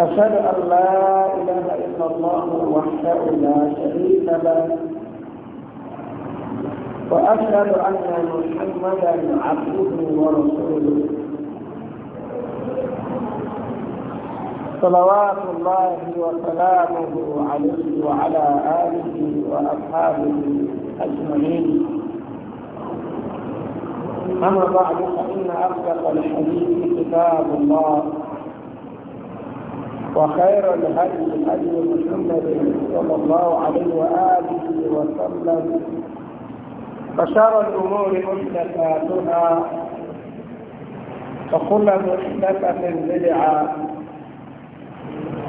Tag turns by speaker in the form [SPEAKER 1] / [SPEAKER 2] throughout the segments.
[SPEAKER 1] أشهد أن لا إله إلا الله وحده لا شريك له وأشهد أن محمدا عبده ورسوله صلوات الله وسلامه عليه وعلى آله وأصحابه أجمعين أما بعد فإن أصدق الحديث كتاب الله وخير الهدي هدي محمد صلى الله عليه واله وسلم فشر الامور محدثاتها وكل محدثه بدعه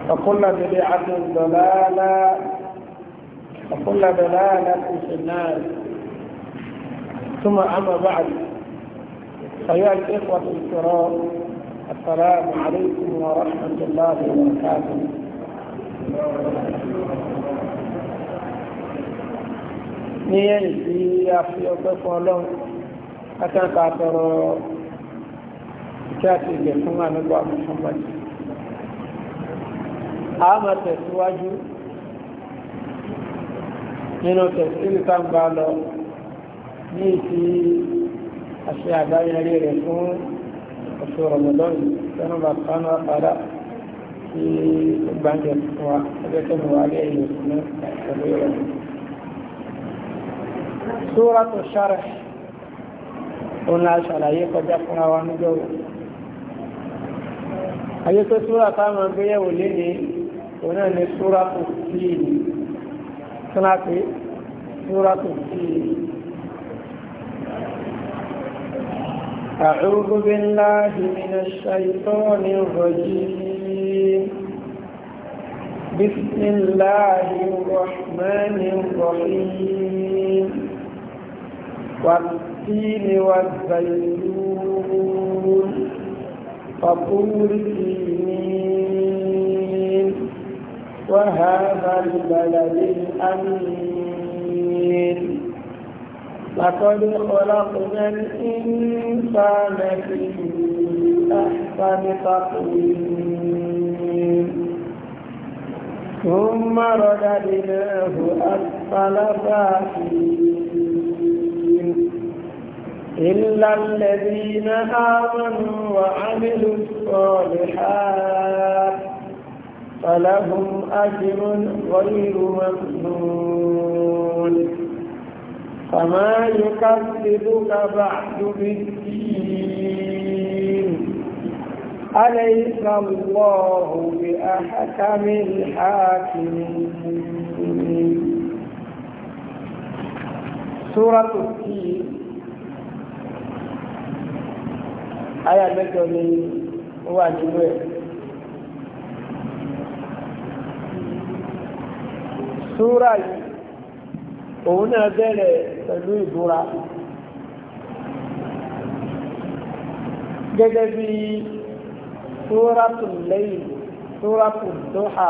[SPEAKER 1] وكل بدعه ضلاله وكل ضلاله في النار ثم اما بعد ايها الاخوه الكرام السلام عليكم ورحمة الله وبركاته ní ẹ̀yìn tí a fi ọpẹ́ fún ọlọ́run látàkà àtọrọ ìkẹ́ àti ìgbẹ̀ fún àmìgbà Muhammad a máa tẹ̀síwájú nínú tẹ̀síwájú tàbí lọ ní ìfi àṣẹ àdáyẹrí rẹ̀ fún oṣù rọmọdọ́n tẹ́nu bá kánú àpàdà tí ó gbáǹjẹ fún wa ẹgbẹ́ tẹ́nu wa lé èyí ní pẹ̀lú rẹ̀. Súratu Sharh òun la ṣàlàyé kọjá fúnra wa níjọ́ ayé tó súra táwọn agbéyẹ̀wò lé òun náà ní súratu Fil kíláàpì súratu أعوذ بالله من الشيطان الرجيم بسم الله الرحمن الرحيم والتين والزيتون وطور سينين وهذا البلد الأمين لقد خلقنا الإنسان في أحسن تقويم ثم رددناه أسفل سافلين إلا الذين آمنوا وعملوا الصالحات فلهم أجر غير ممنون fàmá yóò ká sí lóka bá lórí dín aláìsà lọ́ọ̀hùn bí àhákámi ìhákìmí súrátù tí ayà mẹ́jọ ni ó wà nínú ẹ̀ súrà yìí òun náà bẹ̀rẹ̀ pẹ̀lú ìbúra gẹ́gẹ́ bí suratul layl suratul duha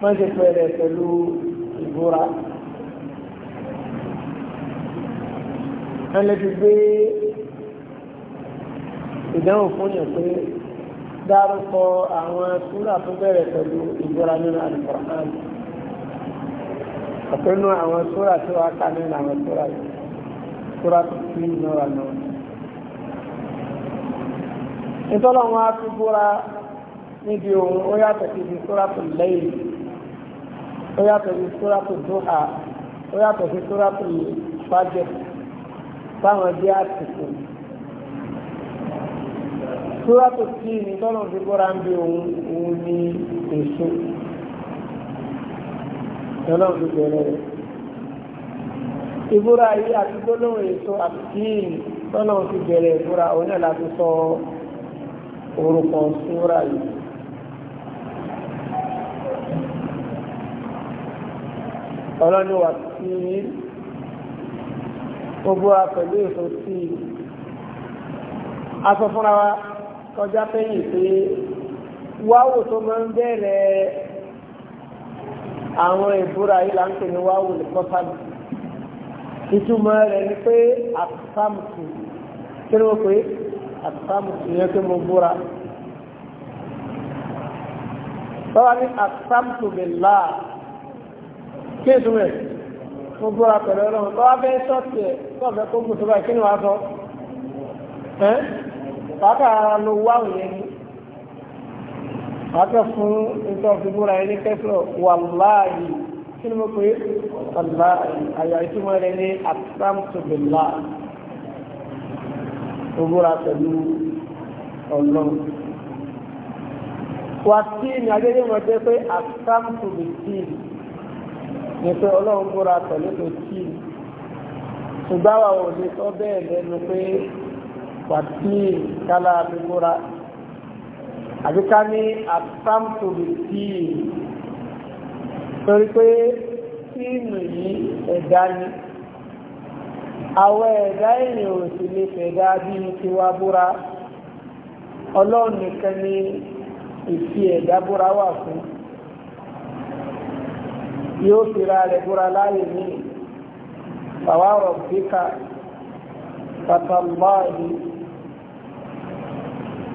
[SPEAKER 1] wọ́n ti bẹ̀rẹ̀ pẹ̀lú ìbúra ẹlẹ́bi gbé ìdánwò fún yẹn pé dárúkọ àwọn súrà bẹ̀rẹ̀ pẹ̀lú ìbúra nínú àlùkò àná ọ̀pẹ́ nú àwọn sóra tí wọ́n ká nínú àwọn sóra sóra tó fi ń nọ́ra náà. ìtọ́lọ̀ wọn á fi búra níbi òun ó yàtọ̀ sí ibi sóra tó lẹ́yìn ó yàtọ̀ sí sóra tó dúhà ó yàtọ̀ sí sóra tó fàjẹ táwọn bí àtìkù. sóra tó fi búra ń òun òun ọlọ́run ló bẹ̀rẹ̀ rẹ̀ ìbúra yìí àti gbólóhùn èso àbíkíìn tọ́lọ́run ti bẹ̀rẹ̀ ìbúra òun náà láti sọ orúkọ súra yìí ọlọ́ni wà sí gbogbo wa pẹ̀lú èso sí i aṣọ fúnra wa kọjá pẹ́yìn pé wáwò tó máa ń bẹ̀rẹ̀ àwọn ìbúra yìí là ń pè ní wáwù ní pọ́sálì ìtumọ̀ rẹ̀ ni pé àtàmùtù kí ni wọ́n pè àtàmùtù yẹn pé mo búra báwa ní àtàmùtù bìlá kí ìtumọ̀ rẹ̀ mo búra pẹ̀lú ọlọ́run báwa fẹ́ sọ́ọ̀tì ẹ̀ sọ́ọ̀fẹ́ kó mùtù kí ni wàá sọ ẹ́ pàápàá lo wáwù yẹn ni akẹ́ fún nǹkan fi múra ẹni kẹ́sọ̀ wàláàyè kí ni mo pè é wàláàyè àyà ìtumọ̀ rẹ ní àtàmùtòbìlá ó múra pẹ̀lú ọlọ́run wà tí ní adéyé mọ̀ jẹ́ pé àtàmùtòbìtì ni pé ọlọ́run múra pẹ̀lú tó tì ṣùgbọ́n àwọn òde sọ bẹ́ẹ̀ lẹ́nu pé wà tí kálá fi àbí ká ní àtàmtòlù tíì torí pé tíìmù yìí ẹ̀dá ni àwọn ẹ̀dá èèyàn ò sì lè fẹ̀dá bí tiwa búra ọlọ́run nìkan ni ìfi ẹ̀dá búra wà fún yóò fira rẹ̀ búra láàyè ní bàwá rọ̀ bíkà pàtàkì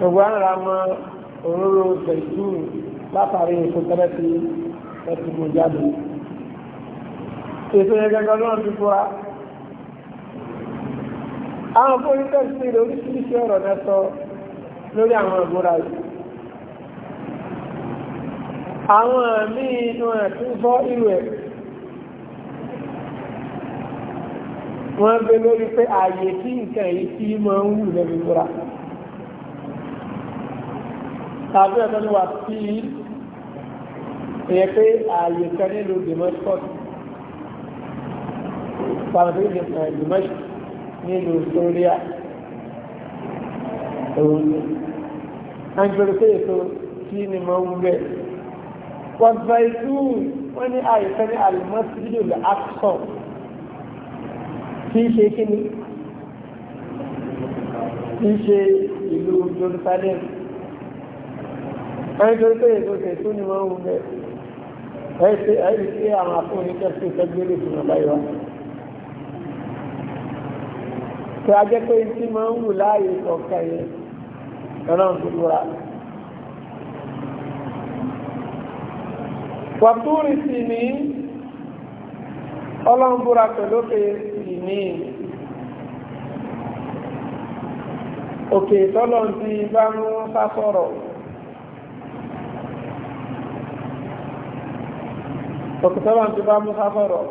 [SPEAKER 1] gbogbo ara mọ òróró zaitun látàrí èso tẹ́lẹ̀ tí ẹ ti mú jáde èso yẹn gẹ́gẹ́ lọ́wọ́ ti fún wa àwọn fóyí tẹ́sí rẹ̀ oríṣiríṣi ọ̀rọ̀ mẹ́sọ lórí àwọn ìgbóra yìí àwọn àmì inú ẹ̀ tí ń fọ́ ìlú ẹ̀ wọ́n gbé lórí pé ààyè tí nǹkan yìí tí mọ́ ń wù lẹ́gbẹ̀gbọ́ra tàbí ẹ̀tọ́ ní wà sí ìyẹn pé ààyè kan nílò Damascus pàtàkì Damascus nílò Syria òun ni a ń gbèrè pé ètò kí ni mo ń gbẹ wọ́n gba ìtú wọ́n ní ààyè kan ní alimọ́sílò lẹ́àkọ́ kì í ṣe kí ni kì í ṣe ìlú Jerusalem ẹni tó pé èso tètú ni wọ́n ń wulẹ̀ ẹni tí àwọn afúnni tẹ̀sí ìtẹ́gbélé fún ọ̀la ìwà. tó a jẹ́ pé tí máa ń wù láàyè kọ̀ọ̀kan yẹn ọlọ́run tó lura. wàtúrì sì ní ọlọ́run búra pẹ̀lú ní òkè tọ́lọ́run ti bá ń sá sọ̀rọ̀. òkùtọ́lọ́ ti bá mú sáfọ̀rọ̀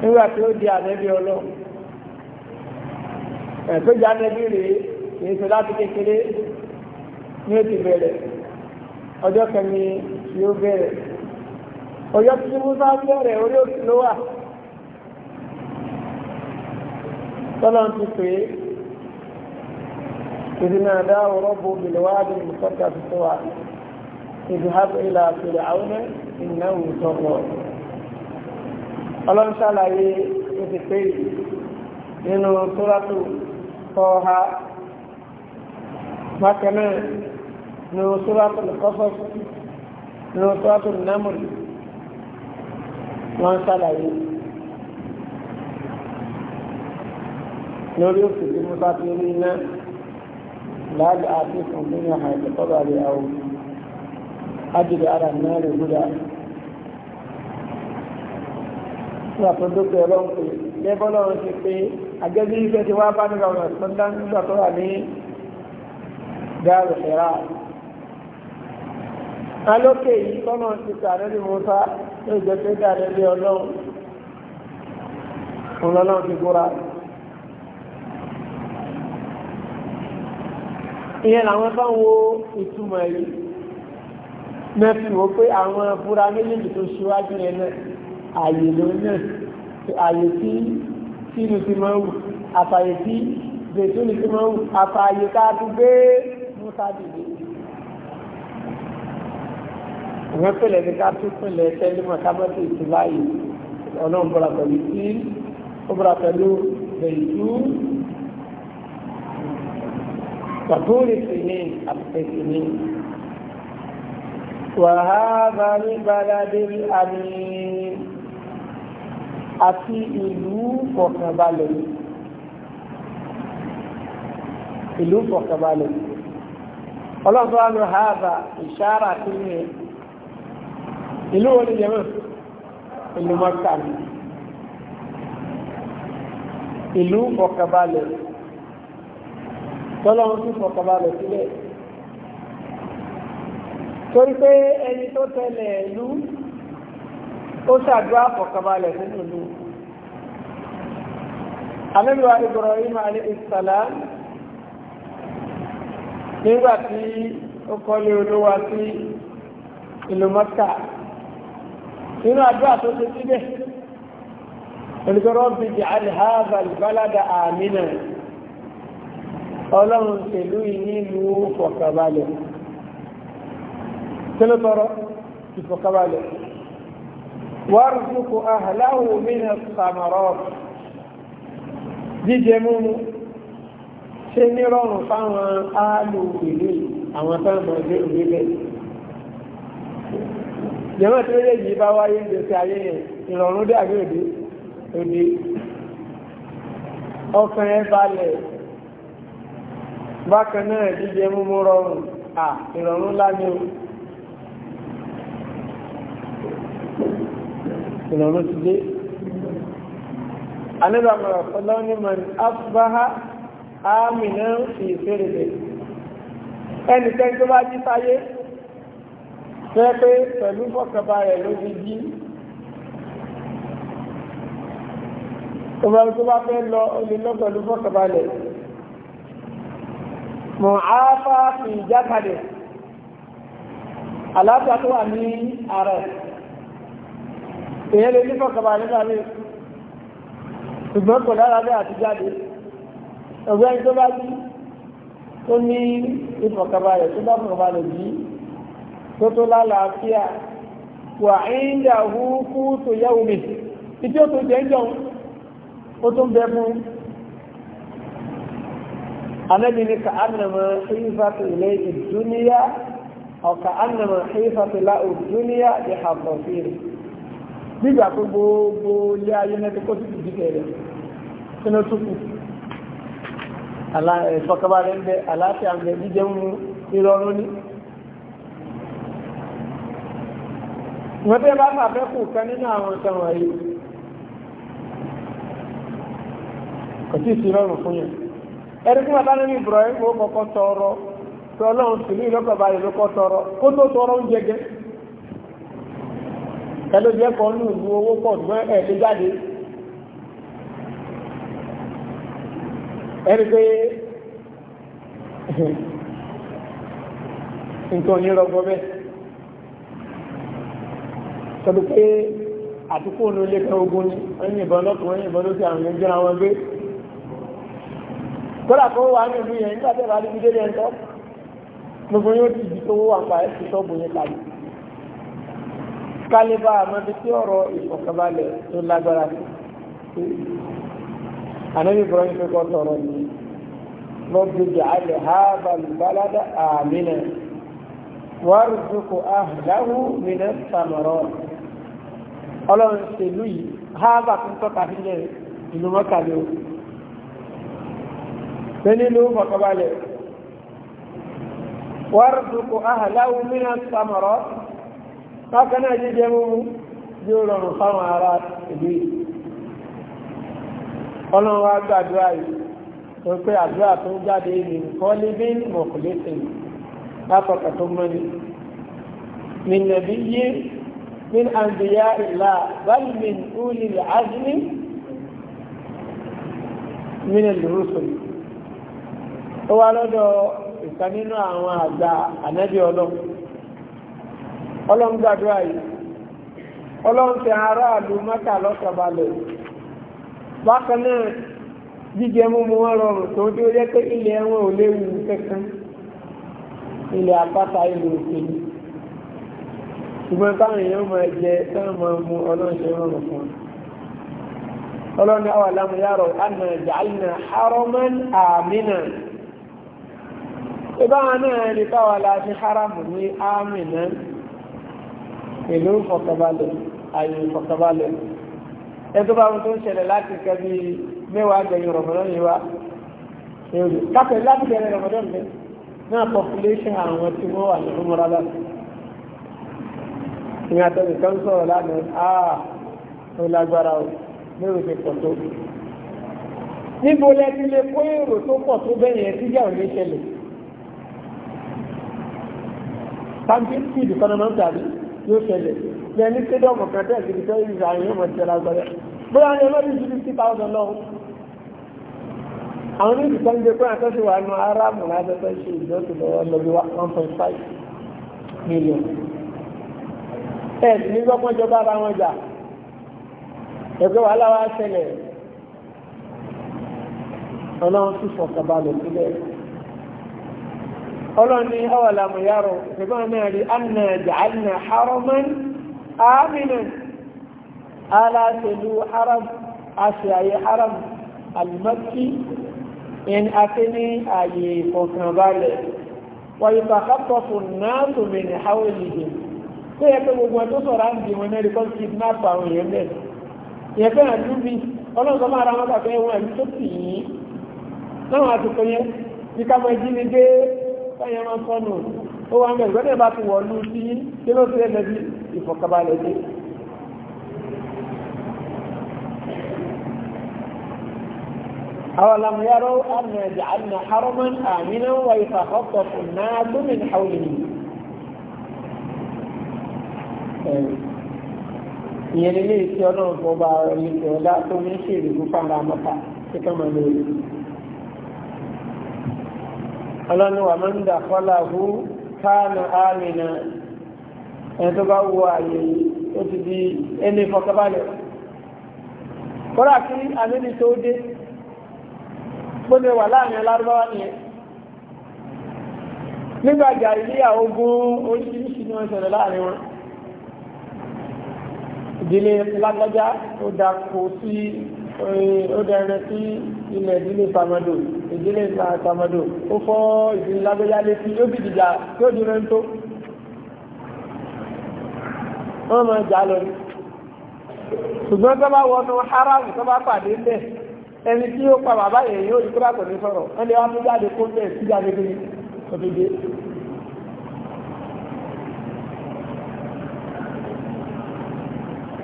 [SPEAKER 1] nígbà tí ó di ànẹ́bí ọlọ́ ẹ̀tọ́ jẹ́ ànẹ́bí rèé kìí ṣe láti kékeré ní ó ti bẹ̀rẹ̀ ọjọ́ kẹmi tí ó bẹ̀rẹ̀ ọjọ́ tí musa bẹ̀rẹ̀ orí òkú ló wà tọ́lọ́ ti pè é ìdínà dáhùn rọ́bù bìlẹ̀ wáàdì mùsọ́tà tuntun wà ìdùhábù ilà àtòlè àwọn ìnáwó tọrọ ọlọ́run ṣàlàyé oṣù pé nínú sóràtò tọ́ha bákan náà nínú sóràtò kọ́fọ́ nínú sóràtò námùlì wọ́n ṣàlàyé lórí òṣèlú mọ́tàkì orí iná láàbì àti ìfọ̀nbí ní àìsàn tọ́ba rẹ̀ àwọn. أجد على النار هدى nígbà tó dókè ọlọ́run pé lẹ́bọ́ lọ́run ti pé agẹ́bí ìfẹ́ ti wá bá nígbà ọ̀nà tó ń dá nígbà tó wà ní dáàrù ṣẹ̀rá alókè yìí tọ́nà ti pè àrẹ́lì mọ́sá ló jẹ́ pé dáàrẹ́ lé ọlọ́run fún lọ́lọ́run ti gbóra ìyẹn làwọn bá ìtumọ̀ yìí mẹ́fì wọ́n pé àwọn búra méjèèjì tó ṣíwájú yẹn náà ààyè ló náà ààyè tí sínú ti máa ń wù àfààyè tí bẹ̀tún ti máa ń wù àfààyè ká tó gbé mọ́tà dìde. àwọn pẹ̀lẹ́ ní ká tó pẹ̀lẹ́ tẹ́lẹ̀mọ̀ ká má tó ìtú báyìí ọlọ́run bọ̀rọ̀ pẹ̀lú tí ó pẹ̀lú bẹ̀tú pàtóòrè sí ní àtẹ̀sí وهذا البلد الأمين àti ìlú fọ̀kànbalẹ̀ ìlú fọ̀kànbalẹ̀ ọlọ́pàá ló hàbà ìṣára tí ní ìlú wọlé yẹmọ̀ ìlú mọ́ta ní ìlú fọ̀kànbalẹ̀ tọ́lọ́run sí fọ̀kànbalẹ̀ sílẹ̀ torí pé ẹni tó tẹ̀lé ìlú ó ṣàdúrà fọ̀kànbalẹ̀ nínú ìlú anábíwá Ibrahim alayhi salam nígbà tí ó kọ́lé olówó sí ìlú Mọ́kà nínú àdúrà tó ṣe síbẹ̀ olùkọ́rọ́ bíi alhazal balada amina ọlọ́run tẹ̀lú ìní ìlú fọ̀kànbalẹ̀ kílẹ̀ tọrọ ìfọ̀kàbalẹ̀ wàrùsùkù ahàláwò mìíràn sàmàrọ̀ jíjẹ múmu ṣe ní rọrùn fáwọn áàlù ìlú àwọn táwọn ọmọdé òwe bẹ́ẹ̀ jẹ́mọ̀ tí lóye yìí bá wáyé ìgbésí ayé yẹn ìrọ̀rùn dé àbí òde òde ọkàn balẹ̀ bákan náà jíjẹ múmu rọrùn à ìrọ̀rùn ńlá ìrọ̀rùn ti dé anẹ́bà mọ̀rọ̀ fọ́lọ́ ní mọ̀rin afúbáhá àmìnà ìfẹ́rẹ̀lẹ̀ ẹnìkẹ́ tó bá jí sáyé fẹ́ pé pẹ̀lú fọ́kàbà rẹ̀ ló ti jí ọmọ tó bá fẹ́ lọ olùlọ́gbọ̀lú fọ́kàbà rẹ̀ mọ̀ áfà fi ìjákadẹ̀ aláàbà tó wà ní ààrẹ èyàn lè nífọ̀ kaba nígbà míì ṣùgbọ́n kò dára bẹ́ẹ̀ àti jáde ọ̀gbẹ́ni tó bá bí tó ní ìfọ̀kaba rẹ̀ tó bá fọ̀kaba rẹ̀ bí tó tó lálàáfíà wà ìndà húkú tó yẹ omi ìdí òtún jẹ́ ń jọun ó tún bẹ fún anabi ni ka annama hifatu ilayhi duniya aw ka annama hifatu la'u duniya bi hadafiri nígbà tó gbogbo ilé ayé nẹ́tí kó títí jíkẹ̀ rẹ̀ sínú túkù ìfọ̀kàbálẹ̀ ń bẹ àlàáfíà ń bẹ jíjẹ mú ìrọ̀rùn ní wọ́n tẹ́ bá fàfẹ́kù kan nínú àwọn ìtàn wọ̀nyí kò tí ì sí rọrùn fún yẹn ẹni tí wọ́n bá nínú Ibrahim ó kọ́kọ́ tọrọ tí ọlọ́run sì ní ìlọ́kọ̀ tọrọ kó tó tọrọ oúnjẹ gẹ́gẹ́ ẹlòmí ẹ̀kọ́ ní ìlú owó pọ̀ ní ẹ̀ẹ́dẹ́ jáde ẹni pé nǹkan ní rọgbọ bẹ́ẹ̀ tọ́dún pé àtúkò ní ilé kan ogun ní ẹni ìbọn lọ́kùn ẹni ìbọn lókè àwọn ẹgbẹ́ àwọn ẹgbẹ́ kọ́lá kó wà ní ìlú yẹn nígbà tẹ́lá ní ìdílé ẹ̀ńtọ́ gbogbo yóò ti di owó àpá ẹ̀ kálíbà àmọ́bí tí ọ̀rọ̀ ìfọ̀kànbalẹ̀ tó lágbára sí. Ànábì Ibrahim fi kọ́ sọ̀rọ̀ ní lọ́bí jàálẹ̀ hábà lùbáládà àmìnà wàrùsùkù àhùdáhù mìnà sàmọ̀rọ̀. Ọlọ́run ṣèlú yìí hábà tó tọ́ka sílẹ̀ ìlú mọ́kàlẹ́ o. Bẹ́ẹ̀ni ló fọ̀kànbalẹ̀ wàrùsùkù àhùdáhù mìnà sàmọ̀rọ̀. bákan náà jíjẹ múmu yóò rọrùn fáwọn ará ìlú yìí ọlọ́run wá gbàdúrà yìí tó pé àdúrà tó ń jáde ní kọ́lébín mọ̀kùlẹ́sìn lápapọ̀ tó mọ́ni min nabiyyi min anbiya min ulil azmi min rusul ó wá lọ́dọ̀ ìkan nínú àwọn àgbà ọlọ́run ọlọ́run gbàdúrà yìí ọlọ́run tẹ aráàlú mọ́ta lọ́sọ̀balẹ̀ bákan náà jíjẹ múmu wọn rọrùn tó tí ó jẹ́ pé ilẹ̀ wọn ò léwu kankan ilẹ̀ àpáta ilẹ̀ òkèlú ṣùgbọ́n táwọn èèyàn máa jẹ táwọn máa mu ọlọ́run ṣe rọrùn fún ọlọ́ni àwọn alámù yàrá jàlínà haraman àmìnà ìbáwọn náà ní káwọn aláṣẹ haramu ní àmìnà ìlú ìfọ̀kànbalẹ̀ àyè ìfọ̀kànbalẹ̀ ẹtọ́ bá wọn tó ń ṣẹlẹ̀ láti kẹ́ bí mẹ́wàá gbẹ̀yìn rọ̀mọdọ́n yìí wá èrò kápẹ́ láti gbẹ̀yìn rọ̀mọdọ́n mi náà population àwọn tí wọ́n wà ní ọmọra láti ìyá tẹ̀lé kan sọ̀rọ̀ lánàá áà ó lágbára o lérò ti pọ̀ tó níbo lẹ ti lè kó èrò tó pọ̀ tó bẹ́yẹn máa ń tàbí yóò ṣẹlẹ̀ ní ẹni kédọ̀mù kẹtẹ́ ìdíbi tó yìí ra yóò mọ̀ ṣẹlẹ̀ agbẹ́rẹ́ bóyá ni ọlọ́dún ju fifty thousand lọ́wọ́ àwọn ní ìdìkan ń gbé pé àtọ́sí wa nu aráàmù lábẹ́fẹ́ ṣe ìjọ́sìn lọ́wọ́ lọ́bí one point five million ẹ̀ sì ní gbọ́pọ́n jọba ara wọn jà ẹgbẹ́ wàhálà wa ṣẹlẹ̀ ọlọ́run sì fọkànbalẹ̀ sílẹ̀ ọlọ́ni awàlàmù yàrá ìgbọ́n náà rí anna jàánà haraman aminan alásèlú haram aṣèayé haram alimaki in afi ní ààyè ìfọ̀kànbalẹ̀ wà ìfàkàtọ̀fù náà tó mẹ́rin haúlìdì tó yẹ pé gbogbo ẹ̀tọ́ sọ̀rọ̀ àǹdí wọn náà rí kọ́ sí náà àwọn èèyàn mẹ́rin yẹ ara wọn tàbí ẹwọn ẹ̀mí tó tì yín láwọn yẹn ní ká máa káyẹ̀ máa sọ́nù ó wá mẹ́rin gbọ́dẹ̀ bá ti wọ̀lú sí kí ló ti ẹ̀lẹ́bí ìfọ̀kabalẹ̀ dé أولم يروا أن جعلنا حرما آمنا ويتخطف الناس من حوله ìyẹn ilé ìṣẹ́ ọlọ́run fọba ọ̀rọ̀ ìṣẹ́ ọlá tó ń ṣèrè fún fara mọ́ta tí kọ́ máa lórí ọlọ́ni wà máa ń dà fọ́láhù káànù àmìnà ẹni tó bá wọ àyè ó ti di ẹni fọkàbalẹ̀ kọ́lá kí àmìnì tó dé gbọ́dọ̀ wà láàrin alárúbáwá nìyẹn nígbà jàìlíyà ni wọ́n ṣẹlẹ̀ láàrin wọn ìdílé lágbájá ó dákò sí Eh, ó dẹrẹ sí ilẹ̀ ìdílé pamado ìdílé pamado ó fọ́ ìdílé lágbéyá létí ó bí dìjà tí ó dúró ń tó wọ́n máa jà lọ ní ṣùgbọ́n tó bá wọnú haram tó bá pàdé ń bẹ̀ ẹni tí ó pa bàbá yẹn yóò rí kúrò àkọ́ni sọ̀rọ̀ ẹni wá tó jáde kó ń sí jáde kiri òdìdí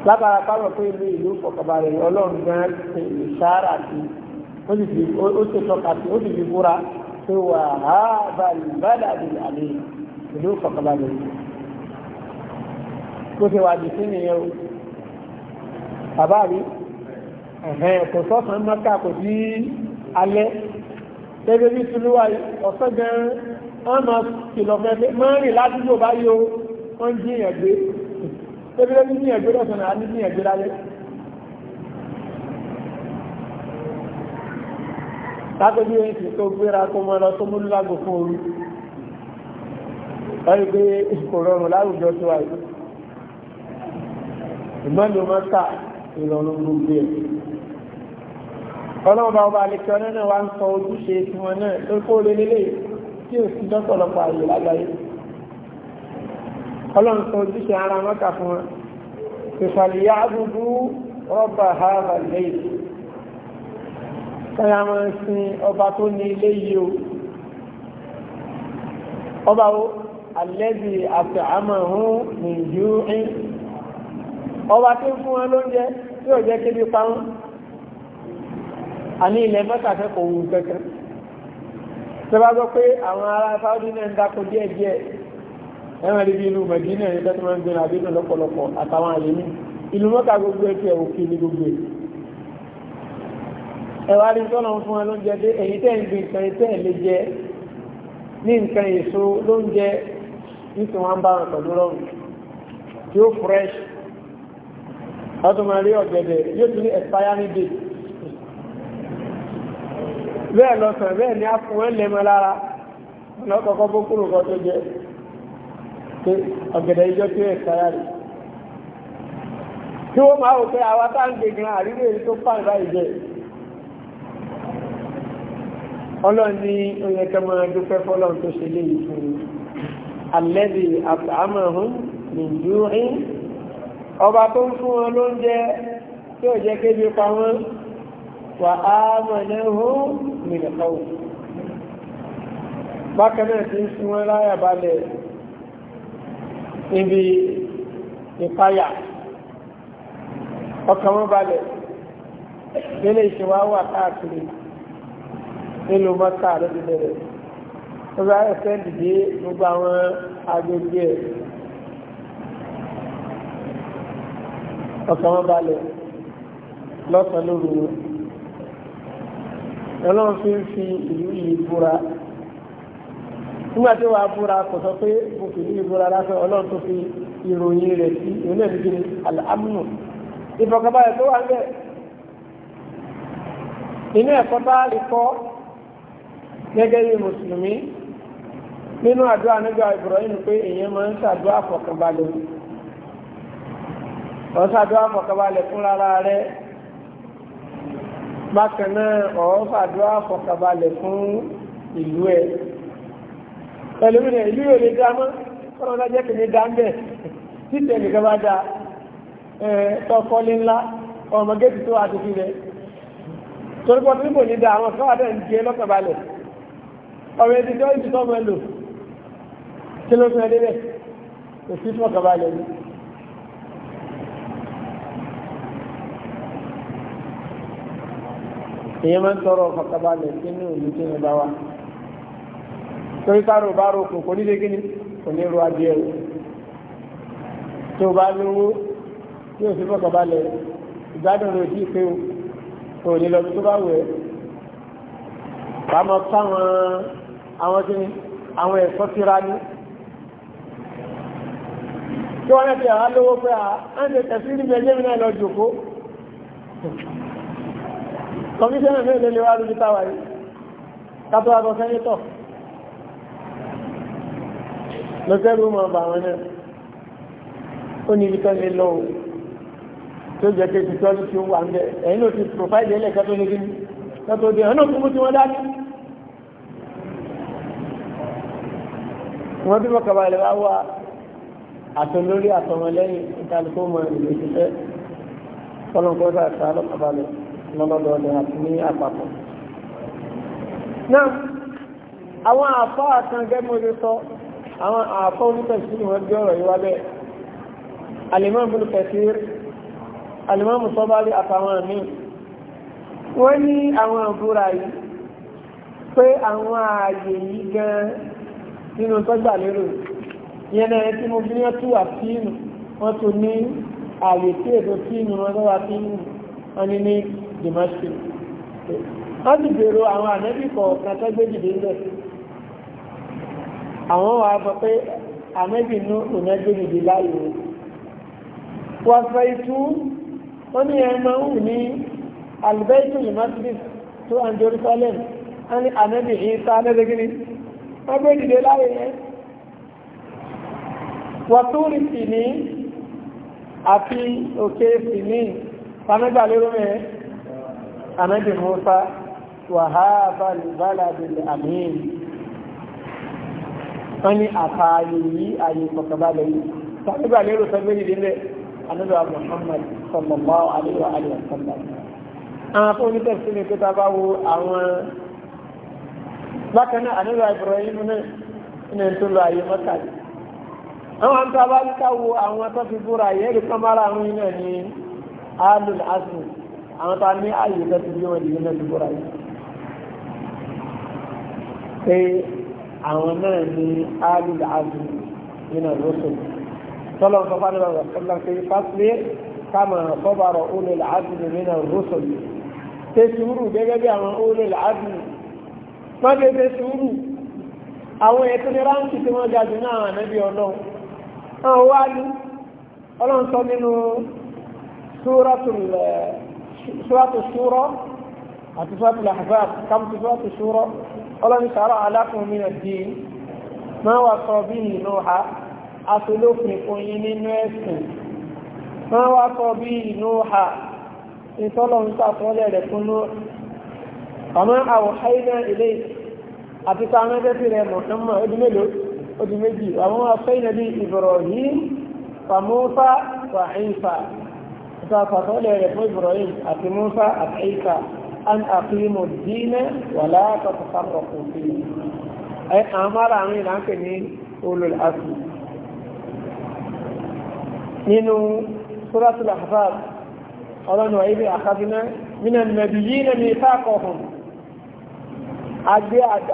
[SPEAKER 1] lábára káwọn pé ilé ìlú fọkànbalẹ̀ ọlọ́run gan ṣe ìṣára sí ó sì fi ó ṣe tọ́ka sí ó sì fi búra pé wà á balẹ̀ bàdà bí àlè ìlú fọkànbalẹ̀ bó ṣe wà dì sí nìyẹn o bàbá mi kò sọ́sàn mọ́ká kò sí alẹ́ gẹ́gẹ́ bí tuluwa ọ̀sán gan-an wọ́n máa ládùúgbò báyìí o wọ́n jíyàn gbé Ebi lẹ́ni ní ẹ̀gbẹ́ lọ́sàn náà ní ní ẹ̀gbẹ́ lálẹ́. Lágbègbè yẹn ti tó gbéra kó mọ lọ tó múlú lágbo fún orí. Wọ́n rí pé kò rọrùn láwùjọ tó wáyé. Ìgbọ́n ni wọ́n ta ìrọ̀rùn gbogbo ẹ̀. Ọlọ́run bá ọba àlekí ọ̀nà náà wá ń sọ ojúṣe tiwọn náà lórí kó lé lélẹ̀ tí ò sí dọ́tọ̀ àyè lágbàáyé ọlọ́run sọ ojúṣe ara wọn kà fún wọn ìfàlìyà àdúgbò rọ́bà hàbà lẹ́yìn kọ́lá wọn sin ọba tó ní ilé yìí o ọba wo alẹ́bí àti àmọ̀hún nìjú ń ọba tí ń fún wọn lóúnjẹ tí ò jẹ́ kébi pa wọn àní ilẹ̀ mẹ́ta kẹ́kọ̀ọ́ wù kẹ́kẹ́ tí wọ́n bá gbọ́ pé àwọn ará sáúdí náà ń dáko díẹ̀díẹ̀ ẹ̀wọ̀n rí bí inú Mẹ̀dínà ní tẹ́tí máa ń gbin àbídùn lọ́pọ̀lọpọ̀ àtàwọn àyè mi ìlú mọ́ta gbogbo ẹ̀kẹ́ òkè ní gbogbo ẹ̀wà rí tọ́nà fún ẹ lóúnjẹ dé èyí tẹ́ ń gbin nǹkan tẹ́ ẹ̀ lè jẹ ní nǹkan èso lóúnjẹ nítorí wọn bá wọn pẹ̀lú rọrùn tí ó fresh ọdún máa rí ọ̀gẹ̀dẹ̀ yóò tún ní expiring date bẹ́ẹ̀ lọ sàn bẹ́ẹ̀ ni a fún ẹ lẹ́mọ lára ọ̀nà ọkọ̀ọ̀kọ̀ bó kúrò kọ́ tó jẹ pé ọ̀gẹ̀dẹ̀ ìjọ tí ẹ̀ sára rẹ̀ tí wọ́n máa wò pé àwa tá ń gbé gan àríwé èyí tó pàì báyìí jẹ́ ọlọ́run ní oye kẹ́ máa dúpẹ́ fọ́lọ́run tó ṣe léyìí fún mi alẹ́bí àtàmọ̀hún nìjúrin ọba tó ń fún wọn lóúnjẹ tí ò jẹ́ kébi pa wọ́n wà á mọ̀ náà hún bákan náà ti ń fún wọn láyà balẹ̀ níbi ìpayà ọkàn wọn balẹ̀ nílé ìṣèwà wà káàkiri nílùú mọ́ta lóbi bẹ̀rẹ̀ tó bá ẹsẹ̀ dìde gbogbo àwọn agbègbè ẹ̀ ọkàn wọn balẹ̀ lọ́sàn-án lóru wọn ọlọ́run fi ń fi ìlú yìí búra nígbà tí wàá búra kò sọ pé mo fi ní ìbúra lásán ọlọ́run tó fi ìròyìn rẹ̀ sí ìròyìn rẹ̀ sí alámùnù ìfọ̀kànbalẹ̀ tó wà ń bẹ̀. inú ẹ̀kọ́ bá lè kọ́ gẹ́gẹ́ bí mùsùlùmí nínú àdúrà nígbà Ibrahim pé èèyàn máa ń ṣàdúrà fọ̀kànbalẹ̀ wọ́n ṣàdúrà fọ̀kànbalẹ̀ fún rárá rẹ̀ bákan náà ọ̀ ṣàdúrà fọ̀kànbalẹ̀ fún ìlú ẹ̀ ẹlòmí rẹ̀ ìlú yóò lè dá mọ́ kọ́nà lájẹ́ kì ní dá ń bẹ̀ títẹ̀ nìkan bá dá tọkọlé ńlá ọmọ géètì tó wà tuntun rẹ̀ torí pọ̀ tí kò ní dá àwọn kan àdá ń jẹ lọ́kàbalẹ̀ ọmọ ẹni tó ń ti tọ́mọ lò ló fi hàn kò sí fọ́kàbalẹ̀ ni. èèyàn máa ń tọrọ fọ́kàbalẹ̀ sínú ìlú tí wọ́n bá wà torí sáré ò bá rokùn kò ní ṣe kí ni kò ní ro adìẹ o tó bá lówó tí o sì fọkàn balẹ̀ ìgbádùn rẹ̀ sí pé o ò ní lọ tó bá wẹ̀ pàmò táwọn àwọn tí àwọn ẹ̀fọ́ síra ní tí wọ́n lẹ́tẹ̀ àwọn lówó pé àánjẹ tẹ̀sí ní ẹjẹ́ mi náà lọ jòkó kọmíṣẹ́nà mẹ́rin lè wá lójú táwa yìí kátó àgọ́ sẹ́yìn tọ̀ lọ́sẹ̀rù máa bà wọn náà ó ní ibi tán lè lọ o tó jẹ́ pé ti tọ́jú tí ó wà ń bẹ̀ ẹ̀yìn ló ti provide ẹlẹ́ka tó ní kíni kátó dé ọ̀nà òkú tí wọ́n dání. wọ́n bí wọ́n kaba ilẹ̀ bá wà àtọ̀lórí àtọ̀mọlẹ́yìn ìtàlùkọ́ mọ ìlú ìṣiṣẹ́ kọ́lọ́nkọ́ bá ta lọ́kàbalẹ̀ lọ́lọ́dọọdẹ àti ní àpapọ̀. náà àwọn àfọ́ àtàngẹ́mọ́lẹ́ àwọn àfọ́ onítẹ̀sí ni wọ́n gbé ọ̀rọ̀ yìí wá bẹ́ẹ̀ alimam bin Kathir alimam Tabari àtàwọn míì wọ́n ní àwọn àbúrà yìí pé àwọn ààyè yìí gan nínú tọ́gbà lérò yẹn náà tí mo bí wọ́n tú àfíìnù wọ́n tún ní ààyè tí èdò fíìnù wọn lọ́wọ́ fíìnù wọn ní ní Dimashq wọ́n ti bèrò àwọn ànẹ́bí kọ̀ọ̀kan tẹ́gbẹ́jì dé àwọn wà á sọ pé àmẹ́bì nú ìnẹ́gbẹ̀rìndì láyò wọ́n fẹ́ itú ó ní ẹmọ òun ní albaitu limatris tó à ń Jerusalem a ní àmẹ́bì yìí sá lẹ́gbẹ̀rì wọ́n gbé dìde láyò yẹn wọ́n tó rí sí ní àfi òkè sí ní pàmẹ́gbà lérò mẹ́rin àmẹ́bì Musa wàhálà balàbìlì àmín wọ́n ní àtààyè yìí àyè kọ̀kọ̀balẹ̀ yìí sàbíbà lérò sọ méjì délẹ̀ anábà Muhammad sallallahu alaihi wa alihi wasallam àwọn afọ́nì tẹ̀sí ni pé tábà wo àwọn bákan náà anábà Ibrahim náà ní tó lọ àyè mọ́kàlì àwọn àǹtà bá ń káwo àwọn tó fi búra yẹ́ rí kọ́mára àwọn iná ní alul asu àwọn tó ní àyè tó ti bí wọn ìdílé náà ti búra àwọn náà ní alul azu nínú rusul tọ́lọ̀ ń sọ́fà nínú ọ̀sọ́lá pé fásilẹ̀ kama sọ́bàrọ̀ ulul azu nínú rusul ṣe sùúrù gẹ́gẹ́ bí àwọn ulul azu má lè ṣe sùúrù àwọn ètò ní ráńkì tí wọ́n jáde náà ànábì ọlọ́run àwọn wá ní ọlọ́run sọ nínú súrọ́tù ṣúrọ́ àti súrọ́tù làhàbà kàmùtù súrọ́tù ṣúrọ́ ọlọ́ni sàárọ̀ alákùnrin náà di máa wà sọ bí ìlú ha asolófin fún yín nínú ẹ̀sìn máa wà sọ bí ìlú ha ìtọ́lọ̀ ń sàtọ́lẹ̀ rẹ̀ fún ló ọmọ àwòháyé náà ilé àti ta ọmọ ẹgbẹ́ rẹ̀ mọ̀tánmọ̀ ọdún mélòó ọdún méjì àwọn afẹ́ ìnàbí Ibrahim Musa wa Isa ìtàkọ̀tọ́lẹ̀ rẹ̀ fún Ibrahim àti Musa àti Isa an àfihàn dínẹ́ wà látọ̀ fọ́fọ́ kò fi ẹ àmàrà àwọn ìlànà ní olùlẹ̀ àti nínú suratul Ahzab ọlọ́nà ibi àkàbínà nínú nàbìyí na ní sáàkọ̀ọ̀hùn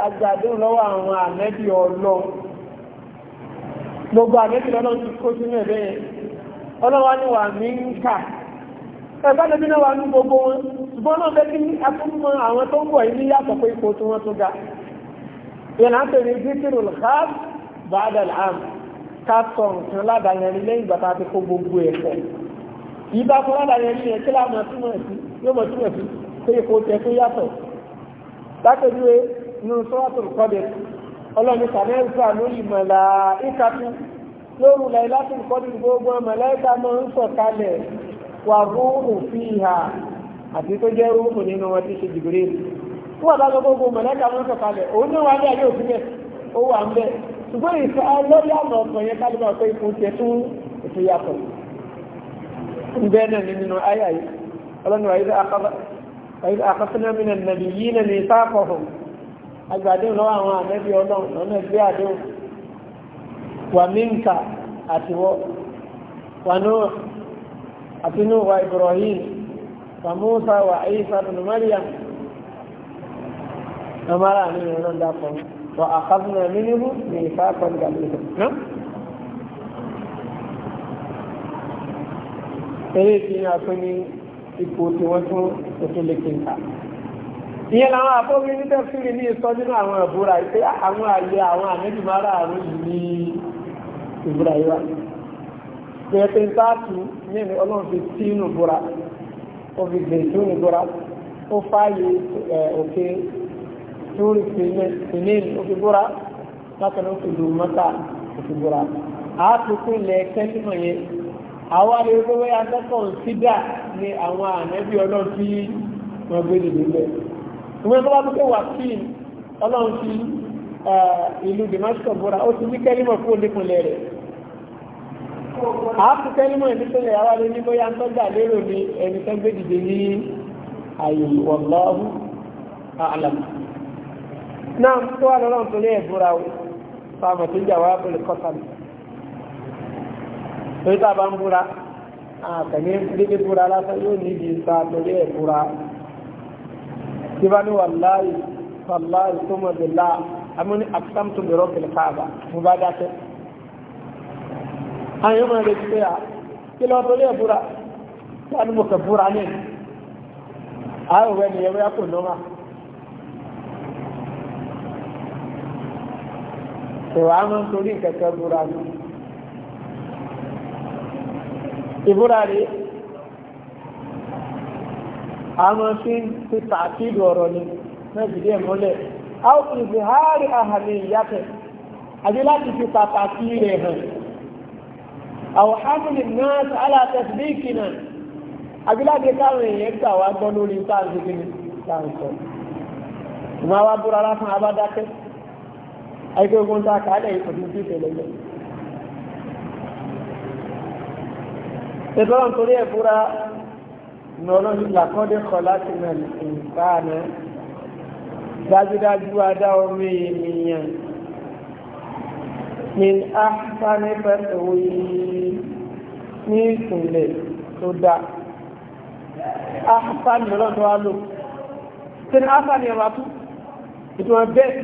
[SPEAKER 1] agbádùn lọ́wọ́ àwọn ànẹ́bí ọlọ́ gbogbo ànẹ́bí lọ́lọ́ ti kó sínú ẹ̀bẹ́ ọlọ́wọ́ ni wà ní ń kà ẹ̀bá nàbí náà wà ní gbogbo wọn ṣùgbọ́n náà fẹ́ kí akúmọ̀ àwọn tó ń bọ̀ yìí yàtọ̀ pé ipò tí wọ́n tó ga ìyẹn láti rí zikiru lhaf bàdà lham ká sọ nǹkan ládàáyẹrí lẹ́yìn ìgbà tá a ti kó gbogbo ẹ̀ pọ̀ yìí bá fún ládàáyẹrí yẹn kí láàmú túmọ̀ sí yóò mọ̀ túmọ̀ sí pé ipò tẹ̀ àti tó jẹ́ rúùmù nínú wọn tí ṣe jìbìrì rí wọ́n bá gbogbo gbogbo mọ̀lẹ́kà wọn sọ kalẹ̀ òun náà wà bẹ́ẹ̀ yóò fi bẹ́ẹ̀ ó wà ń bẹ́ẹ̀ ṣùgbọ́n ìfẹ́ lórí àmọ̀ ọ̀sán yẹn kálí máa pé ipò tiẹ̀ tún ètò yàtọ̀ bẹ́ẹ̀ náà ni nínú ayà yìí ọlọ́nu àyíká akọ́sínàmínà nàbì yìí nà ní sáfọ̀hùn agbàdéhùn lọ́wọ́ àwọn ànẹ́bí ọlọ́run lọ́nà ìgbé àdéhùn wà mínkà àtiwọ́ wà náà فموسى وعيسى بن مريم أمر من ينضاكم وأخذنا منه ميثاقا غليظا نعم eléyìí ti ní akpé ní ipò tí wọ́n tún ètò lè ìyẹn làwọn àfọwọ́bí ní tẹ́fìrì ní ìsọ nínú àwọn ìbúra pé àwọn àyè àwọn àmẹ́jì máa àrùn yìí ní ìbúra yìí wá. pé ń sáàtù ní ọlọ́run fi tí inú búra ó fi gbèrè tó ní gbọ́ra ó fáyé òkè tó rí fìlín ó fi gbọ́ra bákan náà ó fi lù mọ́ta ó fi gbọ́ra. àákùkù ilẹ̀ kẹ́límọ̀ yẹn àwọn arẹ́gbẹ́wé akẹ́kọ̀ọ́ sídà ni àwọn ànẹ́bí ọlọ́run tí wọ́n gbé dìde bẹ́ẹ̀. ìwé tó bá tó pé wàkíìn ọlọ́run ti ìlú Damascus bọ́ra ó ti ní kẹ́límọ̀ fún olépinlẹ̀ rẹ̀ àápùtẹ́ nínú ẹni tó lè yára lé ní bóyá ń tọ́jà lérò ní ẹni tó gbé dìde ní ààyè wallahu a'lam. náà tó wà lọ́rọ̀ tó lé ẹ̀bùra o fáwọn tó jà wá pẹ̀lú kọ́tà mi. torí bá ń búra àtẹ̀lé dédé búra lásán yóò níbi ìta torí ẹ̀bùra. tí bá ní wallahi wallahi tó mọ̀ bí láà amúní àtúntàmùtò pẹ̀lú káàbà mo bá dákẹ́ àyàn máa lè ṣe à kí lọ tó lè búra wà ní mo kẹ búra ní àìwẹ̀ ni ẹ̀rọ kò lọ́wọ́ ìwà á máa ń torí kẹ̀kẹ́ búra ní ìbúra rèé àwọn fi ń fi tààkìdù ọ̀rọ̀ ni mẹ́jìdé mọ́lẹ̀. a ó fi ìfihàárì àhàmì ìyàtẹ̀ àbí láti fi pàtàkì rẹ̀ hàn àwọn hamlin náà alátẹ́sí bí ìkìnà abiláde káwọn èèyàn gbà wá gbọ́ lórí táàǹsì kìíní táàǹsì ìmọ̀ àwọn abúrò aláfún abádákẹ́ ẹgbẹ́ ogun tá a kà á lẹ̀ ìfọ̀dún sí ìfẹ̀lẹ̀ min ahsani fatwi ní ìpìlẹ̀ tó dá ahsani lọ́nà tó wá lò tí ní ahsani ẹ̀rọ atú ìtumọ̀ bẹ́ẹ̀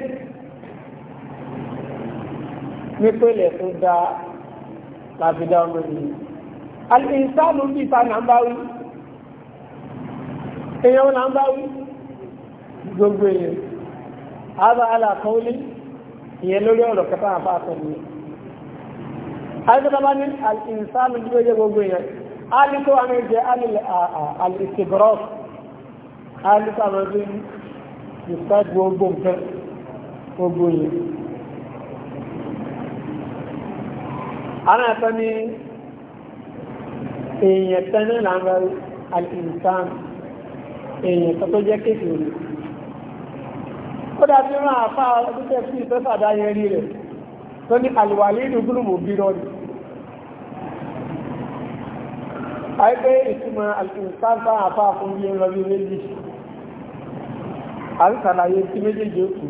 [SPEAKER 1] nípìlẹ̀ tó dá láti dá ọmọ ènìyàn alìsánù bí ta nà ń bá wí èèyàn nà ń bá wí gbogbo èèyàn àbá alàkọ́ọ́lé ìyẹn lórí ọ̀rọ̀ kẹta àbá àtẹ̀lé ayélujára ní alìsàn lójú ọjọ́ gbogbo yẹn alìkó àmì jẹ alìsìgọ́rọ́f alìkó àmì jẹ ìsá gbogbo nǹkan gbogbo yẹn. àwọn ẹ̀fọ́ ní èèyàn tẹ́lẹ̀ làwọn alìsàn èèyàn tó tó jẹ́ kékeré. ó dàbí rán àfá ọdún tẹ́ sí ìfẹ́ fàdáyẹ rí rẹ̀ tó ní àlùwàlì ìlú gúrùmù bí rọ́ọ̀dì àìpé ìtumọ̀ àtìsáńtà àfá fún ilé rọ̀bí méjì àrísàlàyé tí méjèèjì ó kù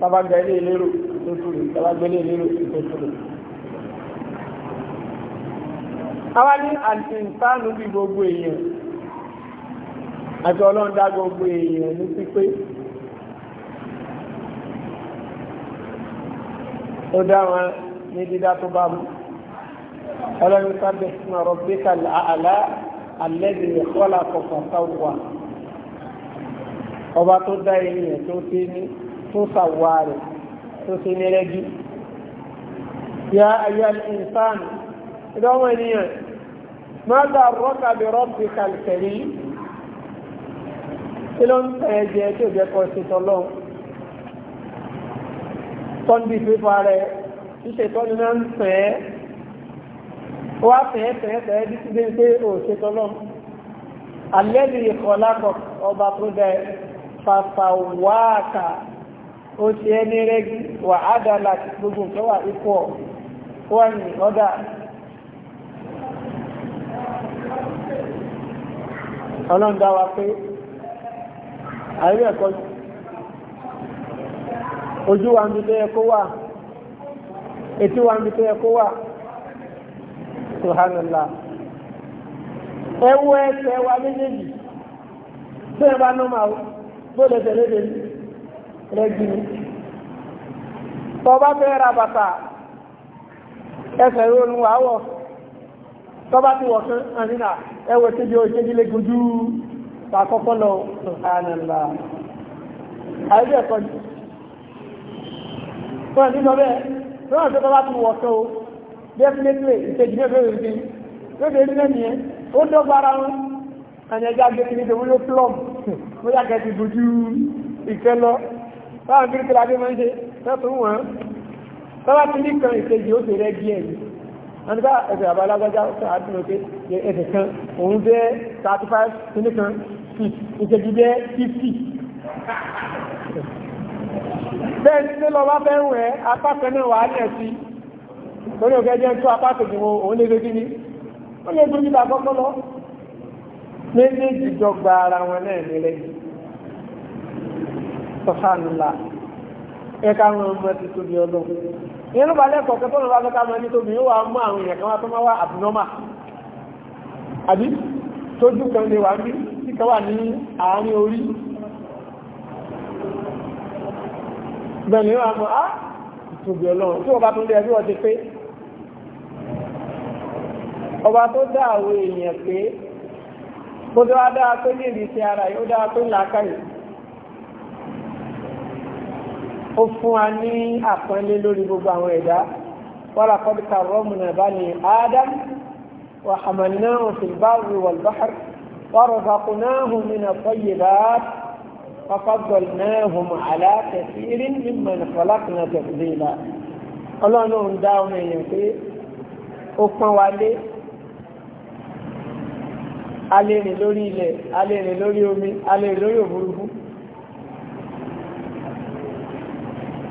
[SPEAKER 1] tàbàgbẹ̀lẹ̀ ìlérò tó túrò tàbàgbẹ̀lẹ̀ ìlérò tó túrò àwa ní àtìsáńtà bí gbogbo èèyàn àti ọlọ́ndá gbogbo èèyàn ní pípé ó dá wọn ní dídá tó bá mú ọlọ́run sábẹ̀ fún ọ̀rọ̀ bí kàlẹ́ àlá alẹ́bí ìkọ́lá kọ̀ọ̀kan sáwùwà ọba tó dá ènìyàn tó ti ní tó sàwùwà rẹ̀ tó ti ní rẹ́jú. ya ayé alìsánù ìdánwò ènìyàn máa dá rọ́kà bí rọ́bì kàlẹ́ kí ló ń tẹ̀ ẹ́ jẹ́ tó jẹ́ kọ́ ṣe tọ́lọ́run tọ́ndì fífa rẹ̀ ṣíṣe tọ́ni náà ń fẹ́ wá fẹ́ fẹ́ fẹ́ títí dé pé ò ṣe tọ́lọ́ alẹ́lì ìkọlákọ̀ ọba tó dẹ fàfàwáàkà ó ṣe ẹni rẹ́gí wà ádàlà gbogbo nǹkan wà ipò wà ní ọ̀dà pé àríwẹ̀kọ́ ojuwa wa ń etuwa tó yẹ kó wà etí wa ń bi tó yẹ kó wà subhanallah ẹ wo ẹsẹ̀ wa méjèèjì tó yẹ bá nọ́mà o bóde tẹ̀lé de rẹ jìnnì tọ́ba fẹ́ ra bàtà nu wà wọ̀ tọ́ba ti wọ̀ fún ànínà ẹwẹ̀ tí yóò ṣe jílé gojú tàkọ́kọ́ subhanallah tó ní sọ bẹ́ẹ̀ lọ́nà tó tọ́lá ti wọ̀ tó definitely ìtẹ̀jú ní ọ̀fẹ́ òfin ló dé ní mẹ́ni ẹ̀ ó dọ́gba ara wọn àyẹ̀ ẹja gbé kiri tó wúlò plum ó yà kẹ́sì bójú ìfẹ́ lọ báwọn kiri kiri adé máa ń ṣe lọ́tún wọn tọ́lá ti ní kan ìtẹ̀jú ó sì rẹ́ díẹ̀ ni wọ́n ti bá ẹsẹ̀ àbálágbájá ó sàá dùn òkè ẹsẹ̀ kan òun jẹ́ thirty five kìnnìkan ìtẹ̀jú jẹ́ fifty bẹ́ẹ̀ ní lọ bá fẹ́ rùn ẹ́ apákan náà wà á yẹ̀ sí torí òkè jẹ́ tó apákejì wọn òun lè gbégbé ní ó lè gbégbé bá kọ́kọ́ lọ méjèèjì jọ gba ara wọn náà nílẹ̀ sọ̀hánùlá ẹ̀ka àwọn ọmọ ti tóbi ọlọ́run ìyẹn ló bá lẹ́kọ̀ọ́ kẹ́tọ́ ló bá fẹ́ ká máa ní tóbi ó wà mú àwọn èèyàn kan wá tó máa wá abnormal àbí tójú kan lè wà bí kíkà wà ní àárín orí gbẹ̀mí wà mọ́ á ah, ìtòbí ọlọ́run tí wọ́n bá tún lé ẹbí wọ́n ti pé ọba tó dá àwọn èèyàn pé ó tó wá dáa pé ní ìdí sí ara yóò dáa pé làákàyè ó fún wa ní àpọ́nlé lórí gbogbo àwọn ẹ̀dá wọ́n àkọ́dùkà rọ́mùnà bá ní Adam wà hàmàlì náà fil barri wal bahr wà rọ̀fàkùnáhùn min at-tayyibat ففضلناهم على كثير ممن خلقنا تفضيلا ọlọ́run dá ọmọ èèyàn pé ó pọ́n wa lé a lè rìn lórí ilẹ̀ a lè rìn lórí omi a lè rìn lórí òfurufú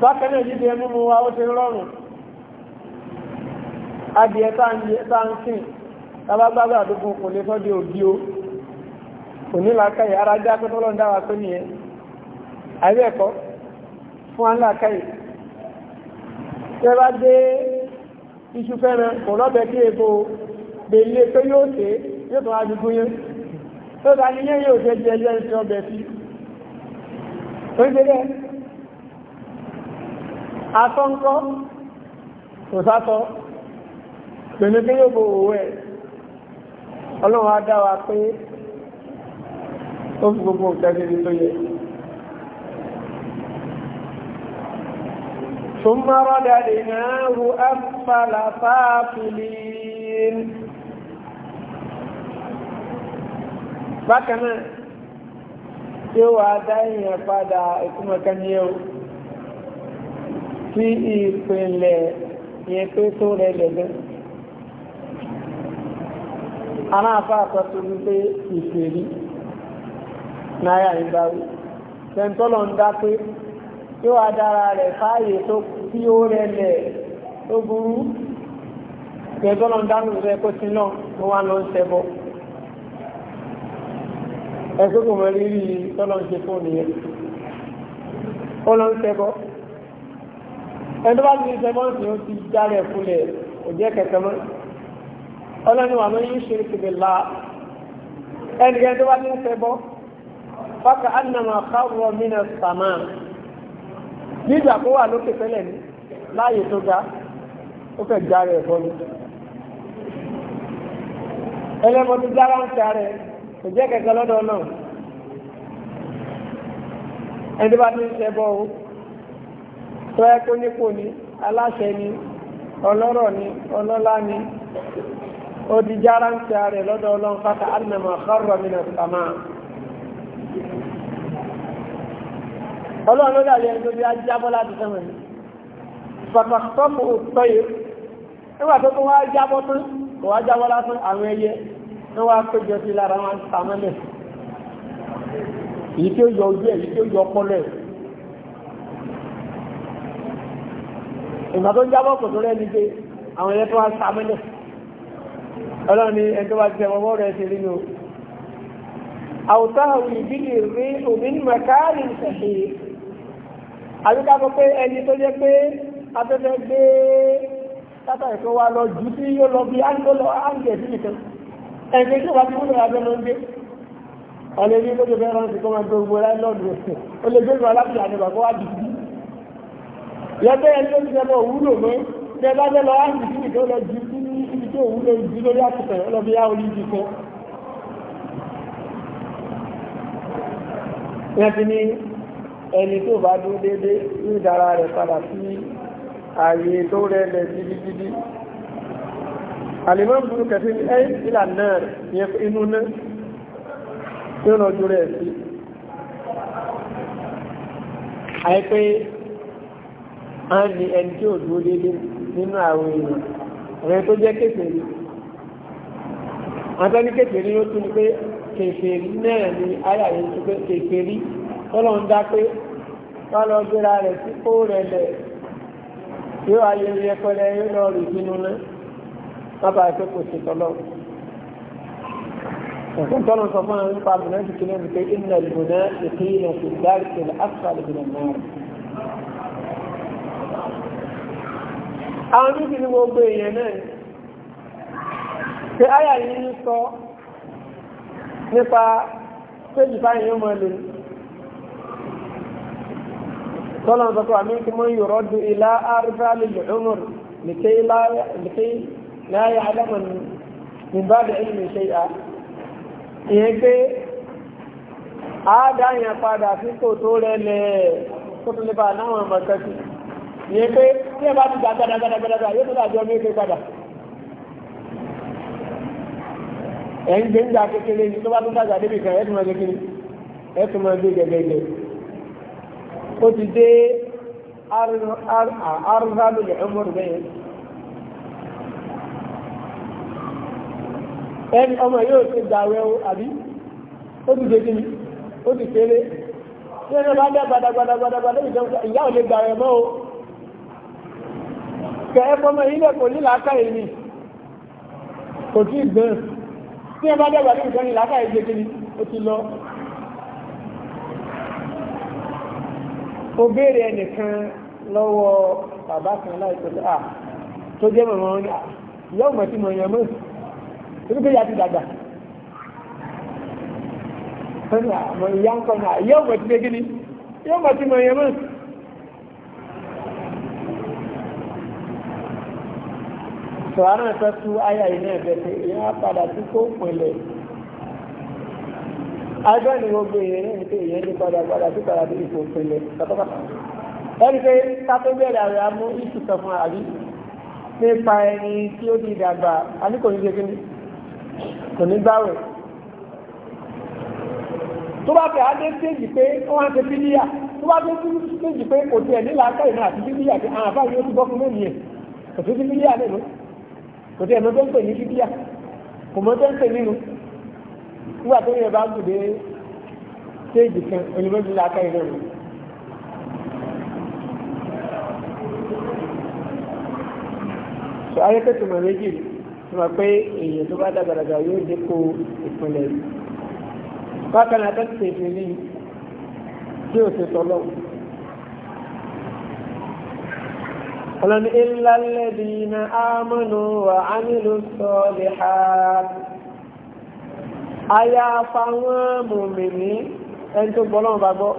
[SPEAKER 1] bákan náà jíde mímú wa ó ti rọrùn adìẹ tá ń sìn tábágbágbà àdúgbò kò lè sọ́dí òbí o kò ní làákàyè ara jẹ́ akẹ́tọ́lọ́ ń dáwà pé nìyẹn àbí ẹ̀kọ́ fún aláàkáyì tẹ́ bá dé iṣu fẹ́ràn kò lọ́bẹ̀ kí èbò gbèlé pé yóò ṣe yóò tó wájú gúnyẹ́ tó ta ní yẹ́ yóò ṣe jẹ́ yẹ́ ṣe ọbẹ̀ sí oríṣẹ́lẹ̀ asọ́nkọ́ kò sátọ́ pẹ̀lú pé yóò bò òwò ọlọ́run á dá wa pé ó fi gbogbo òkè ثم رددناه أسفل سافلين فكما يوى دايما فدا كما كان يو في ìpínlẹ̀ yẹn pé tó rẹ̀ lẹ́gbẹ́ aláàfà àtọ́tù wípé ìfèrí náírà ń dá pé yóò wá dára rẹ̀ fáàyè tó tí ó rẹlẹ̀ tó burú gbẹ̀gbọ́n náà dánú rẹ̀ kó ti náà ó wá lọ ń ṣẹbọ ẹ̀sùn kò mọ rírì tọ́lọ́ ń ṣe fún nìyẹn ó lọ ń ṣẹbọ ẹni bá ti ṣẹbọ sí ó ti dára ẹ̀ fúnlẹ̀ òjẹ́ kẹ̀kẹ́ mọ́ ọlọ́ni wà lóyún ṣe kìbìlà ẹnìkan tó bá ti ń ṣẹbọ ánàmà kárọ̀ mí nígbà kó wà lókè tẹ́lẹ̀ ní láàyè tó ga ó fẹ́ já rẹ̀ bọ́ ni ẹlẹ́mọ tó dára ń ta rẹ̀ kò jẹ́ kẹ̀kẹ́ lọ́dọ̀ náà ẹni bá ti ń ṣe bọ́ o tó ẹ kó nípò ni aláṣẹ ni ọlọ́rọ̀ ni ọlọ́lá ni ó di jára ń ta rẹ̀ lọ́dọ̀ ọlọ́run fata alimẹ̀mọ̀ akọ́rọ̀ mi nà sàmáà. ọlọ́run ló dàbí ẹni tó bí ajábọ́ láti sẹ́wọ̀n ní pàtàkì òtọ́ yìí nígbà tó tó wá jábọ́ tún kò wá jábọ́ lásán àwọn ẹyẹ tó wá péjọ sí lára wọn sàmọ́lẹ̀ èyí tí ó yọ ojú ẹ̀ èyí tí ó yọ ọpọlọ ẹ̀ ìgbà tó jábọ́ kò tó rẹ́ni pé àwọn ẹyẹ tó wá sàmọ́lẹ̀ ọlọ́run ni ẹni tó wá jẹ ọwọ́ rẹ̀ ṣe nínú àwòtáhùn ìbílẹ̀ rí òmìnira káàrin ṣẹ̀ṣẹ̀ àríká sọ pé ẹni tó jẹ́ pé afẹ́fẹ́ gbé tátà ìfẹ́ wa lọ jù sí yóò lọ bí áńgẹ̀ sí nìkan ẹ̀gbẹ́ tí wà tí wọ́n lọ́ra bẹ́ẹ̀ ló ń gbé ọ̀lẹ́ ní ló jẹ́ rán sí kọ́ máa gbogbo ẹ̀ lọ́dún rẹ̀ ó lè gbé ìrọ̀ aláfíà ní bàbá wa dìbò yẹ́pẹ́ ẹni tó ti sẹ́kọ̀ òwúlò mọ́ bẹ́ẹ̀ bá fẹ́ lọ áńgẹ̀ sí nìkan lọ jù sí ibi tó òwúlò jù lórí àtìkọ̀ ọlọ́bí yá orí ibi kan ẹni tó bá dúró déédé ní ìdára rẹ̀ padà sí ààyè tó rẹ̀lẹ̀ gidigidi alimọ́n burú kẹfí ní ẹ́yìn ìlà náà yẹ inú náà tí ó lọ́jú rẹ̀ sí àìpé a ń ní ẹni tí ò dúró déédé nínú àwọn èèyàn rẹ̀ tó jẹ́ kéfèrí àtẹ́ni kéfèrí ó tọ́lọ̀ ń dá pé tọ́lọ̀ gbéra rẹ̀ sí kó rẹ̀ lẹ̀ yóò ayẹyẹ pẹlẹ yóò lọ rí bínú náà bàbá ẹ̀fẹ́ kò sí tọ́lọ̀ ọ̀sán tọ́lọ̀ sọ fún àwọn nípa àbùnà ti kílẹ̀ wípé iná ìbùnà ìpín ìlà sí dárí kìlẹ̀ asfàlì ìbùnà náà àwọn níbi ni gbogbo èèyàn náà ṣe áyà yìí ń sọ nípa péjì báyìí ó mọ̀ lónìí tọ́lá ń sọ pé àmì kí mo ń yọ̀rọ̀ du ilá arúgbó alìlú umar nìkéyí láyé adámọ̀ nígbà da ilmi ṣe à. ìyẹn pé àádá yẹn padà sí kò tó rẹ̀ lẹ̀ kó tó lè bá náwọn ọmọ kẹ́kì ìyẹn pé tí ẹ bá ti gbà gbàdàgbàdàgbàdà yóò tó dàjọ ní èké padà ẹ̀ ń kékeré ní tó bá tó dàgbà débì kan ẹ̀ tó máa kékeré ó ti dé arúgbálù lẹ́ọ̀mọ́rù bẹ́ẹ̀. ẹni ọmọ yóò ṣe dàwẹ́ o àbí ó ti ṣe kí ni ó ti ṣeré tí ẹni bá dẹ́ gbadagbadagbadagbada o kò ni kò tí ó béèrè ẹnìkan lọ́wọ́ bàbá kan láìpẹ́ tó à tó jẹ́ mọ̀mọ́ wọn ni ìyá ọmọ tí mo yàn ti dàgbà ìyá ń kọ́ ní ìyá ọmọ tí mo yàn ìyá sọ̀rọ̀ ẹ̀fẹ́ tú náà ìyá agbẹ́ ni gbogbo èèyàn ní ìpín èèyàn ní padà padà sí padà sí ipò ìpínlẹ̀ pátápátá ẹni pé kátó bẹ̀rẹ̀ àwẹ̀ amú ìtù sọ fún àbí nípa ẹni tí ó di ìdàgbà àní kò ní ṣe kí ni kò ní gbáwẹ̀ tó bá fẹ́ adé stéèjì pé wọ́n á ṣe bílíà tó bá dé stéèjì pé kò tiẹ̀ ní làákàyè náà àti bílíà tí àwọn àbáyé ó ti bọ́ fún lónìí ẹ̀ kò sí bílíà lẹ́nu kò tiẹ̀ mọ́tò ń pè ní bílíà kò mọ́tò ń pè nínú nígbà tó yẹ bá gùn dé stéèjì kan onímọ̀tò làákà yìí lọ́rùn. sọ ayẹ́kẹ́tù mọ̀ méjì tó mọ̀ pé èèyàn tó bá dàgbàdàgbà yóò dínkù ìpínlẹ̀ yìí. bákan náà tẹ́tí tètè ní tí ò ti sọ ọlọ́ni ilá lẹ́bi iná ámọ́nù wà á nílùú sọ́ọ́lì háàpù. aya àyàfà wọn mùmìnì ẹni tó gbọ́nà bá gbọ́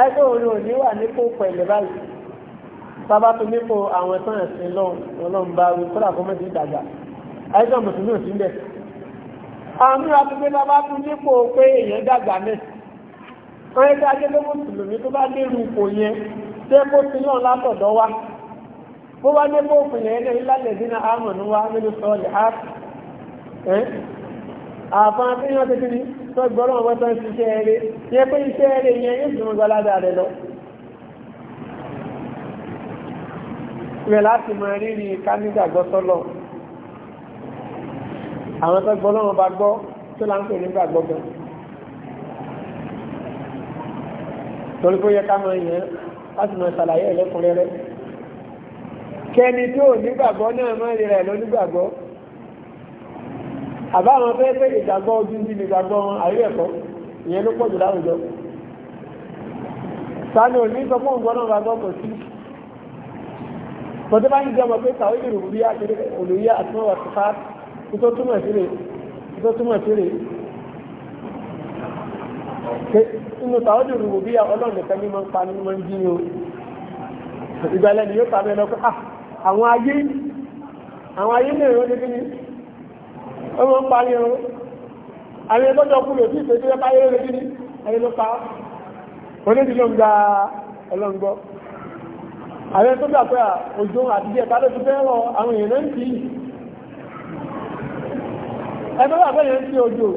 [SPEAKER 1] àìkò òní òní wà nípò pẹ̀lẹ́ báyìí bàbá tó àwọn ẹ̀sán ẹ̀sìn bá kódà kó dàgbà bẹ̀. àmì àtúgbé bàbá tó pé èèyàn dàgbà wọ́n mùsùlùmí tó bá lérú ipò yẹn tẹ́ kó ti náà bó bá dé bó òfin yẹn ní àfọn akéèyàn tètè ní tó gbọ́dọ̀ wọn tó ń ṣiṣẹ́ eré yẹ pé iṣẹ́ eré yẹn yóò dùn gba ládà rẹ lọ. rẹ̀ láti mọ rírì kánígbàgbọ́ sọ́lọ̀ àwọn tó gbọ́ lọ́wọ́ bá gbọ́ tó láńpè nígbàgbọ́ gan. torí pé ó yẹ ká mọ ìyẹn láti mọ ìsàlàyé ẹ̀lẹ́kùnrẹ́rẹ́ kẹni tó nígbàgbọ́ náà mọ́ ìrẹ̀ lónígbàgbọ́ àbá àwọn fẹ́ pé ìgbàgbọ́ ojú ní ìgbàgbọ́ wọn àrí ẹ̀kọ́ ìyẹn ló pọ̀jù láwùjọ sani òní sọ fún òǹgbọ́n náà gbàgbọ́ kò sí tọ́jú bá ń jẹ́ ọmọ pé tàwọn ìlú rúbí àti olùyẹ àtúnwà fífá tó túmọ̀ sí rẹ̀ tó túmọ̀ sí rẹ̀ inú tàwọn ìlú rúbí ọlọ́run nìkan ní máa ń pa ní máa ń jí ni o ìgbàlẹ́ ni yóò pa mẹ́lọ́kọ́ ah, àwọn ayé àwọn ayé náà yóò dé bí ni ọmọ ń parí ẹran àwọn ẹgbọ́jọ́ kú lè fi ìfẹ́sí ẹpá yẹ́ lè gíní ẹni ló pa onídìí ló ń gba ọlọ́ngbọ́ àwọn ẹgbẹ́ tó gbà pé òjò àti bí ẹ̀ta ló ti fẹ́ràn àwọn èèyàn náà ń fi ẹgbẹ́ wà fẹ́yẹ̀ ń fi òjò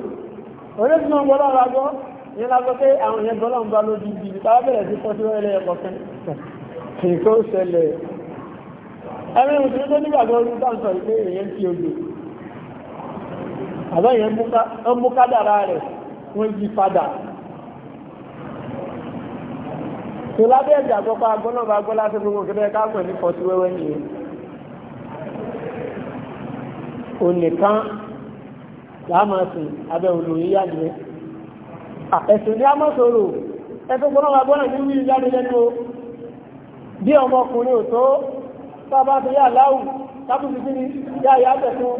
[SPEAKER 1] onídìí ló ń gbọ́lọ́ ọ̀làgbọ́ ìyẹn lágbọ́ pé àwọn èèyàn gbọ́lọ́ ń bá lójú ibi ìtawọ́ bẹ̀rẹ̀ sí fọ́ àbẹ́yẹn ń mú kádàrá rẹ̀ wọ́n yí padà tó lábẹ́ ẹ̀jẹ̀ àgbọ́pá agbọ́nàbà agbọ́lá tó gbogbo kẹfẹ́ káàkùn ní fọ́tí wẹ́wẹ́ ní onìkan láàmàsìn abẹ́ olùyíyá ni ẹ̀sùn ní àmọ́sọ̀rọ̀ ẹ̀sùn gbọ́nàbà agbọ́nà ní wí jáde lẹ́nu o bí ọmọkùnrin ò tó sábà tó yà láwù tábùsí sí ni yá ìyá tẹ̀sùn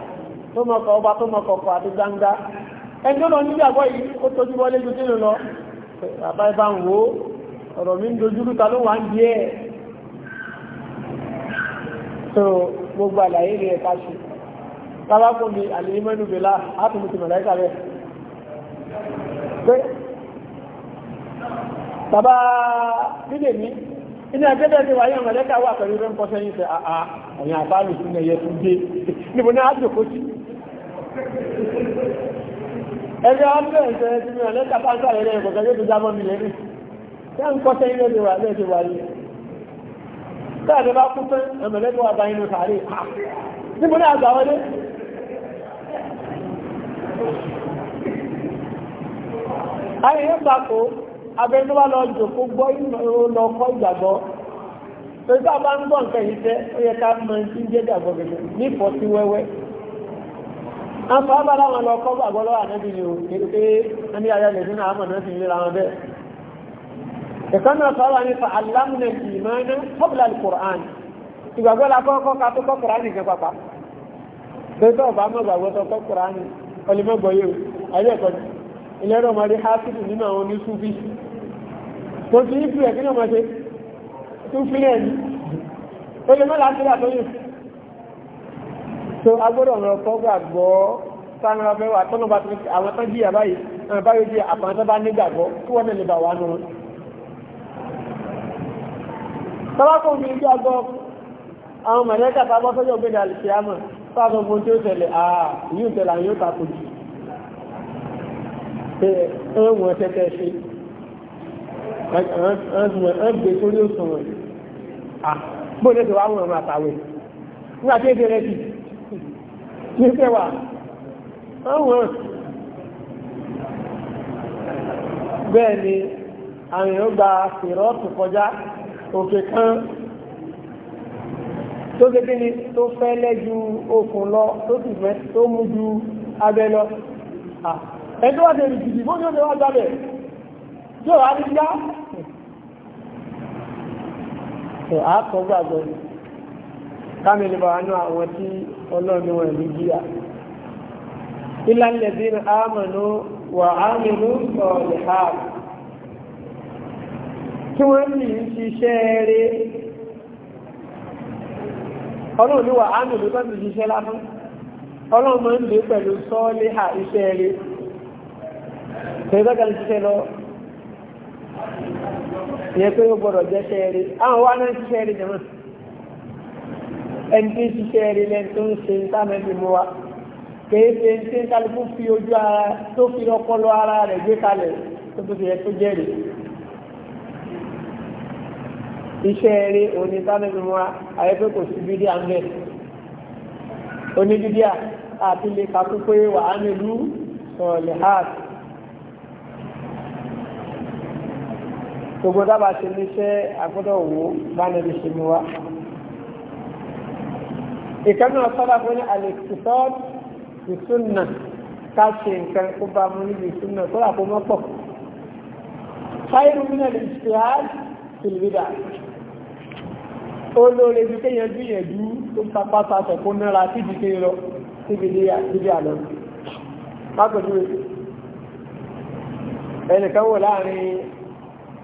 [SPEAKER 1] tó mọ kọ ọba tó mọ kọkọ àti gbangba ẹjọ́ lọ níbi àgbọ́ yìí ó tójú wọlé ju tí lọ bàbá ibà ń wo ọ̀rọ̀ mi ń dojúrú ta ló wà ń di ẹ̀ so gbogbo àlàyé rẹ̀ ká ṣe bàbá kò ní àlèyé mẹ́nu bèlà átùmù ti mọ̀láìkà rẹ̀ pé bàbá bídè mi inú ẹgbẹ́dẹ́ ti wáyé mọ̀láìkà wà pẹ̀lú rẹ̀ ń kọ́ sẹ́yìn sẹ́ àà ọ̀yàn àbálù sí ẹyẹ fún dé níbo ní àjòkó sí
[SPEAKER 2] ẹgbẹ́
[SPEAKER 1] ọdún ẹ̀sẹ̀ ti mi ọ̀lẹ́ kàtàkà rẹ̀ ẹ̀kọ̀kẹ́ yóò tó jábọ́ mi lẹ́nu ṣé ń kọ́ sẹ́yìn lẹ́nu wà lẹ́nu wà yìí bá kú bá inú sàárè ha
[SPEAKER 2] níbo ní àgbà wọlé
[SPEAKER 1] ayé lọ gbọ́ lọ kọ́ ìgbàgbọ́ bá bá ń gbọ́ nǹkan yìí ó yẹ ká àpá bára wọn lọ kọ́ gbàgbọ́ lọ́wọ́ ànẹ́bí ni ó kéde pé ẹni ayẹlẹ̀ nínú àmọ̀ náà ti lera wọn bẹ́ẹ̀ ẹ̀kọ́ náà sọ́wọ́ ní fa alámúnẹ̀ ìmọ̀ẹ́nà kọ́bùlà alukur'an ìgbàgbọ́ la kọ́kọ́ ká tó kọ́ kur'an nìkan pàpà tẹ́tọ́ ọ̀bá mọ̀ gbàgbọ́ tó kọ́ kur'an ọlẹ́mọ̀gbọ́ yóò ayé ẹ̀kọ́ ilẹ̀ ẹ̀rọ ọmọdé hásìtì nínú àwọn oníṣúfì tó ti ń fi ẹ̀kí náà mọ̀ ṣe tó fi náà ní olè mọ́lá sílẹ̀ àtọ́yìn so agbọ́dọ̀ ọ̀rọ̀ kan gbàgbọ́ sáwọn ọmọ ẹwà tọ́nà bá ti àwọn tán jìyà báyìí ọmọ báyìí jìyà àpàwọn tán bá ní gbàgbọ́ tí wọ́n nílẹ̀ bà wà nù wọn. sábàkùn mi jẹ́ agbọ́ àwọn mọ̀lẹ́kà tá a bọ́ sọ́jọ́ gbé ní alìkíyàmọ̀ sáàbọ̀ mo tí ó tẹ̀lé àà yóò tẹ̀lé àyóò tako jù pé ẹ̀wọ̀n tẹ́tẹ́ ṣe ẹgbẹ̀ sórí òṣùwọ̀n àpò lẹ́tọ̀ wà wọn àtàwẹ̀ nígbà tí ó ní kẹwàá àwọn bẹ́ẹ̀ ni àwọn èèyàn gba fèrọ́ọ̀tù kọjá òkè kan tó gẹ́gẹ́ ni tó fẹ́ lẹ́jú okùn lọ tó sì fẹ́ tó mú ju abẹ lọ ẹjọ́ wá tẹ̀lé jìdì bó ní ó wá jábẹ̀ tí ó wá ní já àkọ́gbàgbọ́ ni kámẹ́lì bá wánú àwọn tí ọlọ́run wọn ní jíyà ilá lẹ́bí àmànú wà ámìnú sọ̀rọ̀ ha tí wọ́n ní ṣiṣẹ́ rẹ̀ ọlọ́run ní tó ti ṣiṣẹ́ lásán ọlọ́run ń lè pẹ̀lú sọ́ọ́lé ha iṣẹ́ rẹ̀
[SPEAKER 2] tẹ̀síọ́gà ń ṣiṣẹ́
[SPEAKER 1] lọ ìyẹn pé ó gbọ́dọ̀ jẹ́ àwọn wá náà ṣiṣẹ́ ẹni tí ń ṣiṣẹ́ rí lẹ́ni tó ń ṣe ìtànẹ́bì mú wa kèé ṣe ń ṣe ń kálukú fi ojú ara tó fi ọpọlọ ara rẹ̀ gbé kalẹ̀ tó tó yẹ tó jẹ́rìí iṣẹ́ rí òní ìtànẹ́bì mú wa àyẹ́ pé kò sí bídí àmẹ́ òní bídí àti lè kàkú pé wà á nílùú sọ̀lẹ̀ hàt gbogbo dábàá ṣe níṣẹ́ àgbọ́dọ̀ wò bá níbi ṣe mú wa ìkànnì ọ̀sọ́dà fún ní alexisod ìsúnà ká ṣe nǹkan kó bá mu níbi ìsúnà kó làkó mọ́ pọ̀. fáìlùmínà lè ṣe àd tìlídà olóore bí kéèyàn gbìyànjú tó sapá sasọ̀ kó nára síbi kéèyàn lọ síbi dídí àlọ́. lápẹ̀jú ẹnìkan wò láàrin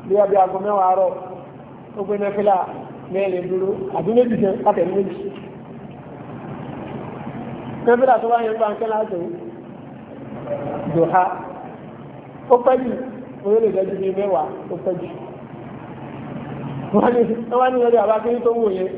[SPEAKER 1] bí ọbí aago mẹ́wàá rọ̀ ó gbé náfìlà mẹ́rin dúró àbí méjì jẹ́ nàbílà tó wáyé ń ń kẹ́ láti wù dùhà ó pẹ́ jù oyè lè dẹ́jú bíi mẹ́wàá ó pẹ́ jù
[SPEAKER 2] wọ́n ní wọ́n ní lọ́dọ̀ àbákẹ́yìn tó wù yẹn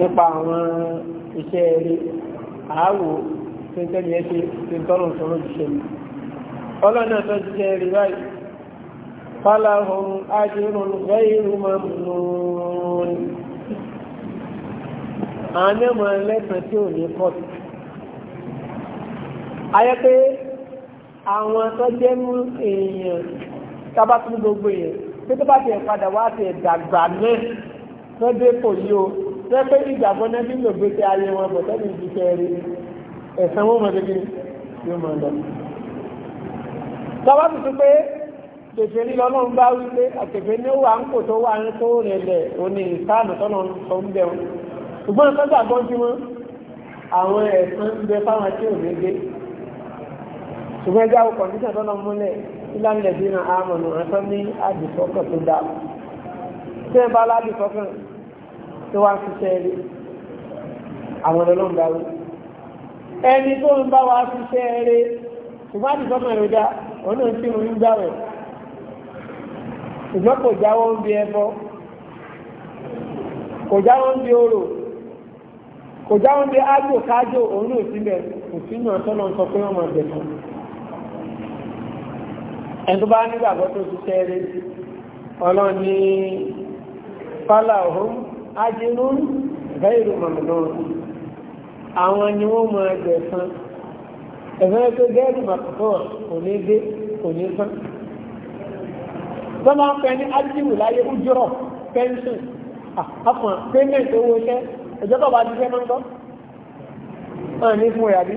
[SPEAKER 2] nípa àwọn iṣẹ́ eré àáwò
[SPEAKER 1] tó ń tẹ́lẹ̀ ṣe tó ń tọ́lọ̀ sọ́rọ̀ jíṣẹ́ mi ọlọ́nà tó jíṣẹ́ eré báyìí fálàhùn ájírùn ghayru mamnun àwọn ẹ̀mọ̀ ẹlẹ́sàn tí ò ní pọ̀tù ayẹ́ pé àwọn tó jẹ́ mú èèyàn tábàtún gbogbo èèyàn pé tó bá ti ẹ̀ padà wá ti ẹ̀ náà tó dé o tẹ́pẹ́ ìgbàgbọ́ náà nílò gbèsè ayé wọn bọ̀ tẹ́lẹ̀ ìdí kẹrin ẹ̀sán wọn mọ̀ lókè yóò mọ̀ lọ. tọ́wọ́ tuntun pé tètè ní lọ́nà ń bá wípé àtẹ̀fẹ́ ní ó wà ń kò tó wà ń tó rẹlẹ̀ òní ìsáàmù tọ́nà sọ ń bẹ̀ wọn. ṣùgbọ́n tó gbàgbọ́ sí wọn àwọn ẹ̀sán ń bẹ fáwọn tí ò ní gbé. ṣùgbọ́n ẹja o kọ̀ǹdíṣàn tọ́nà múlẹ̀ ìlànà ìdínà àmọ̀nà àtọ́ ní àdìsọ́kàn tó dáa. tẹ́ ẹ bá ládìsọ́kàn tó wá fi ṣe rí àwọn ọlọ́run bá ẹni tó ń bá wa ṣiṣẹ́ rí ṣùgbọ́n sọ́mọ̀ ẹ̀rọ dá òun tí mo ń gbà ìgbọ́n kò jáwọ́ ń bi kò jáwọ́ ń bi kò jáwọ́ ń bi ájò kájò òun sí náà tọ́nà sọ pé wọ́n máa ẹni tó bá nígbàgbọ́ tó ajínún gairu mamnun àwọn ni wọ́n mọ ẹgbẹ̀ san ẹ̀fẹ́ tó gairu màkùtọ̀ kò ní dé kò ní san sọ́mọ́ pẹ́ ní ajínú láyé ojúrọ̀ pension àpapọ̀ payment owó iṣẹ́ ìjọba bá jíṣẹ́ mọ́ ń gbọ́ ọ̀rọ̀ ní fún ìyàbí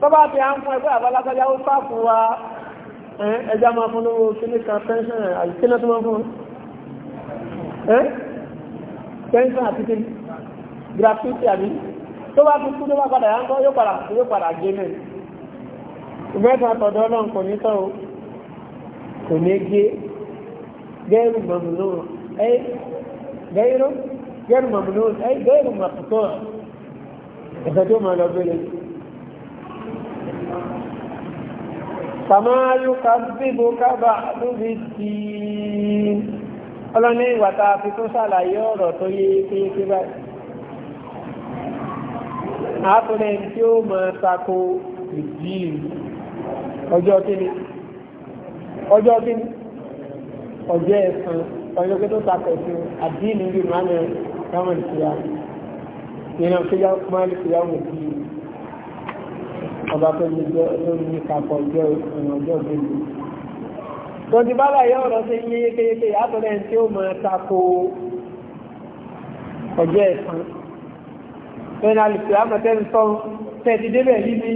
[SPEAKER 1] tó bá fi à ń fún ẹgbẹ́ àbálágbájá ó sá fún wa ẹjá máa fún lówó kíní kan pension àìsílẹ̀ tó máa fún ẹ́ pẹ́ńsán àti kí gratuity àbí tó bá ti kú tó bá padà yánkọ́ yóò padà yóò padà gé mẹ́ ìgbẹ́ta tọ̀dọ̀ náà kò ní tọ́ kò ní gé gẹ́rù mọ̀mùnú ẹ́ gẹ́rù gẹ́rù mọ̀mùnú ẹ́ gẹ́rù mọ̀tútọ́ ẹ̀fẹ́ tó máa lọ bẹ̀rẹ̀ sàmáyú ká bíbo ká bá lóbi tìí ọlọ́ni ìwà tá a fi tún ṣàlàyé ọ̀rọ̀ tó yé kéékèé báyìí àtúnẹ̀ tí ó máa tako ìdí ọjọ́ kíni ọjọ́ kíni ọjọ́ ẹ̀sán ọjọ́ pé tó tako sí àdínú bí mánà káwọn ìṣúra ìrìnà tó yá máa lè fìyà wò bí ọba tó lè jẹ́ lórí nípa ọjọ́ ìrìn ọjọ́ ìgbèlú wọ́n ti bára yẹ́ ọ̀rọ̀ sí yí yékéyéké àtọ́lẹ̀ tí ó máa tako ọjọ́ ẹ̀san ẹni alùpùpù àmọ̀tẹ́nu sọ tẹ̀sí débẹ̀ níbi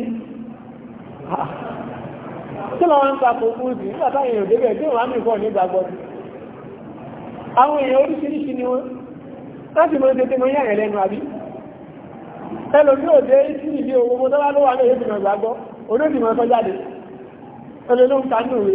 [SPEAKER 1] tí wọ́n ń tako fúùsì nígbà táwọn èèyàn débẹ̀ tí wọ́n á nìkọ́ nígbà gbọ́dọ̀ àwọn èèyàn oríṣiríṣi ni wọ́n láti mọ̀ tètè mọ̀ yàrá lẹ́nu àbí ẹlòmí òde ìsìnì bí owó mọ́tọ́lá ló wà ní èdè ìgbàgbọ́ olóògbé mọ́tọ́ jáde ẹlòmí ń ta ní òwe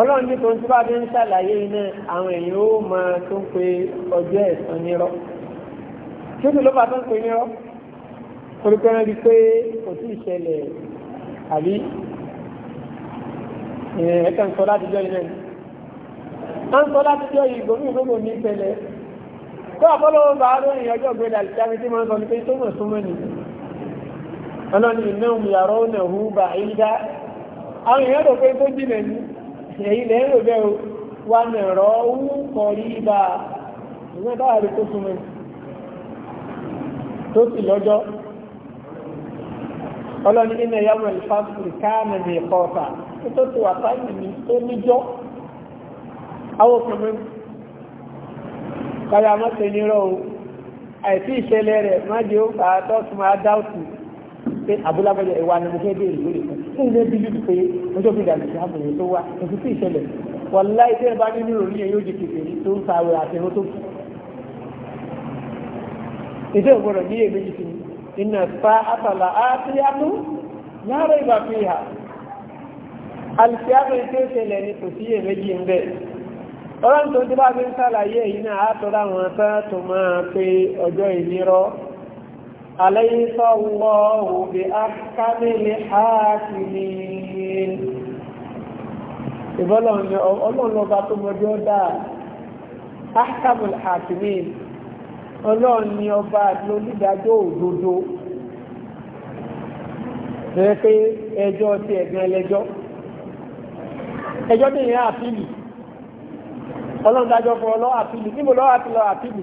[SPEAKER 1] ọlọ́run ní tó ń tí bá bí ń ṣàlàyé iná àwọn èèyàn ó máa tó ń pe ọjọ́ ẹ̀san nírọ́ kí ló bá tó ń pe nírọ́ orúkọ náà di pé kò sí ìṣẹ̀lẹ̀ àbí ẹ̀ẹ́kà ń sọ láti jọ iná a ń sọ láti jọ ìgbòmí ìgbòmò ní ìṣẹ̀lẹ̀ tó àbọ́lọ́wọ́ bá lóyìn ọjọ́ ìgbéra ìṣẹ́mi tí máa ń sọ ní pé tó mọ̀ súnmọ́ ni ọlọ́run ìnáwó yàrá ó nà hú bá ìdá àwọn èèyàn rò pé tó jìnà ní ẹ̀yìn lẹ́rọ bẹ́ o wà ní ẹ̀rọ owó kọ̀ rí tó súnmọ́ tó sì lọ́jọ́ ọlọ́ni nínú ẹ̀yà wọn ìfàkùn káàmì ní ẹ̀kọ́ tó ti wà sáyìn ní tó níjọ́ àwọn ọkùnrin kọ́lá mọ́sẹ̀ o àìsí rẹ̀ má jẹ́ ó á tọ́ kí n lè bílí pé ọjọ́ bí dàbí ìṣe àbòyè tó wá èsì sí ìṣẹ̀lẹ̀ wọ̀lá ìṣẹ́ bá nínú ìròyìn yẹn yóò di kèké tó ń sáré àti ẹ̀rọ tó kù. ìṣe ògbọ́dọ̀ ní èméjì sí iná sá àtàlà àtìyàtú láàárọ̀ ìgbà fi hà alìsíyàtọ̀ ìṣe ìṣẹ̀lẹ̀ ni kò sí èméjì ń bẹ̀. ọlọ́run tó ti bá fi ń sàlàyé yìí náà á tọ́ أليس الله بأحكم الحاكمين ìbọ́lọ̀run ni tó mọjọ́ dáa ahkamul hakimin ọlọ́run ni ọba pé ẹjọ́ ti ẹ̀gbẹ́ ẹlẹ́jọ́ ẹjọ́ tí ìyẹn àfíìlì ọlọ́run fún ọlọ́ àfíìlì níbo lọ́wọ́ àti lọ àfíìlì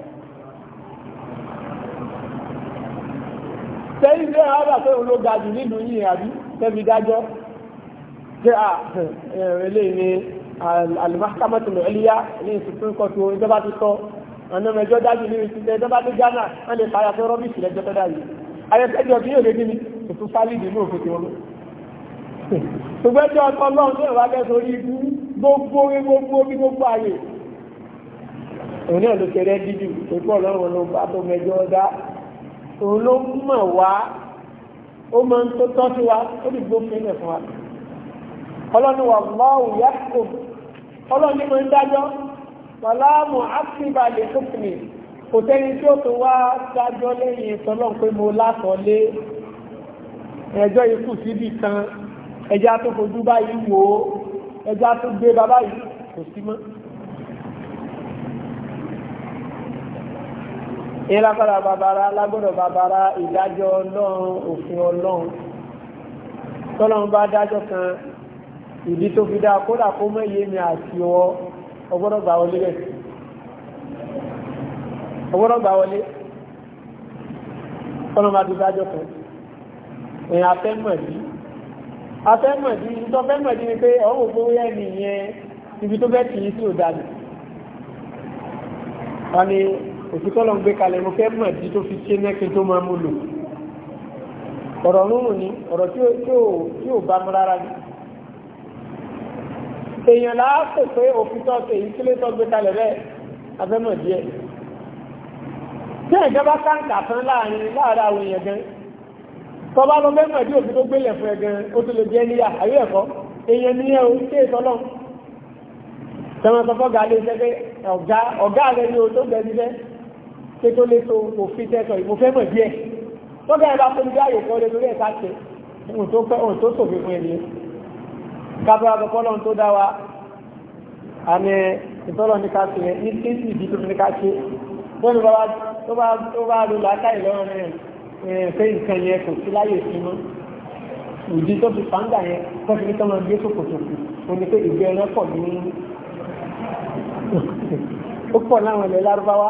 [SPEAKER 1] tẹ́yìn lé ààbà pé òun ló ga jù nílùú yìí àbí tẹ́bi dájọ́ pé à ẹ̀rẹ́lẹ́ ni alimahkamatu ẹ̀líyá ní supreme court ohun ìjọba ti tọ́ ọ̀nà mẹjọ dájú ní ìsinmi ìjọba ti gánà wọ́n lè fara fẹ́ rọ́bìsì lẹ́jọ́ tó dájú ayẹtẹ́jọ́ kí yóò lé nínú tuntun sálídì ní òfin tiwọn. ṣùgbọ́n ẹjọ́ ọkọ ọlọ́run tó ìwà kẹsàn orí ibú gbogbo orí gbogbo orí gbogbo ayé òun náà ló ṣe rẹ́ dídì ìpọ̀ ọlọ́run ló bá tó mẹjọ dá òun ló mọ̀ wá ó máa ń tó tọ́ sí wa ó lè gbófin ilẹ̀ fún wa ọlọ́ni wà lọ́wù yàtọ̀ ọlọ́ni máa ń dájọ́ wàlámù áfíríkà lè tókùnì kò tẹ́ni tí ó tó wá dájọ́ lẹ́yìn ìtọ́lọ́n pé mo látọ̀ lé ẹjọ́ ikú síbi kan ẹjá tó fojú báyìí wò ó ẹjá tó gbé bàbá yìí kò sí mọ́ ìlápàdà bàbára lágbọ́dọ̀ bàbára ìdájọ́ ọlọ́run òfin ọlọ́run tọ́lọ́run bá dájọ́ kan ìdí tó fi dá kódà kó mẹ́yẹ mi àti ọwọ́ ọgbọ́dọ̀ gbà wọlé rẹ̀ ọgbọ́dọ̀ gbà wọlé tọ́lọ́run bá ti dájọ́ kan èèyàn afẹ́mọ̀dí afẹ́mọ̀dí ibi tó fẹ́mọ̀dí ni pé ọ̀hún gbówó yẹn nìyẹn ibi tó fẹ́ tì í sí òdàlù òfin tọ́lọ̀ ń gbé kalẹ̀ mo fẹ́ mọ̀ tí tó fi ṣe náà tó máa mú lò ọ̀rọ̀ rúrùn ni ọ̀rọ̀ tí ò bá mú rárá ni èèyàn láàpò pé òfin tọ́ ṣe èyí kílé tọ́ gbé kalẹ̀ bẹ́ẹ̀ abẹ́mọ̀ díẹ̀ tí ìjọba káńkà fún láàrin láàrin àwọn èèyàn gan tọba lọ mẹ́mọ̀ tí òfin tó gbélẹ̀ fún ẹ gan ó tó lè jẹ́ níyà àyè ẹ̀kọ́ èèyàn ní ẹ̀ o ṣé ìtọ́lọ́ tẹmọ sọ fọ́gà lè ṣẹ́gbẹ́ ọ̀gá rẹ ni o tó gbẹ pé tó lé tó òfin tẹ́sọ̀ ìmú fẹ́ mọ̀ díẹ̀ tó bẹ́ẹ̀ bá fún mi dáyò kan lé lórí ẹ̀ka ṣe ohun tó fẹ́ ohun tó sòfin fún ẹni kábíyà kọ́kọ́ lọ́n tó dá wa àmì ìtọ́lọ́ ní ká ṣe ní tí ìdí tó ní ká ṣe bọ́ọ̀lù tó bá lò látàrí lọ́rùn rẹ̀ pé nǹkan yẹn kò sí láyè sí mọ́ ìdí tó fi fàǹdà yẹn tó fi tọ́mọ gbé sòkòtòkù ó pé ìgbẹ́ ẹran pọ̀ ní ó pọ̀ láwọn ilẹ̀ lárúbáwá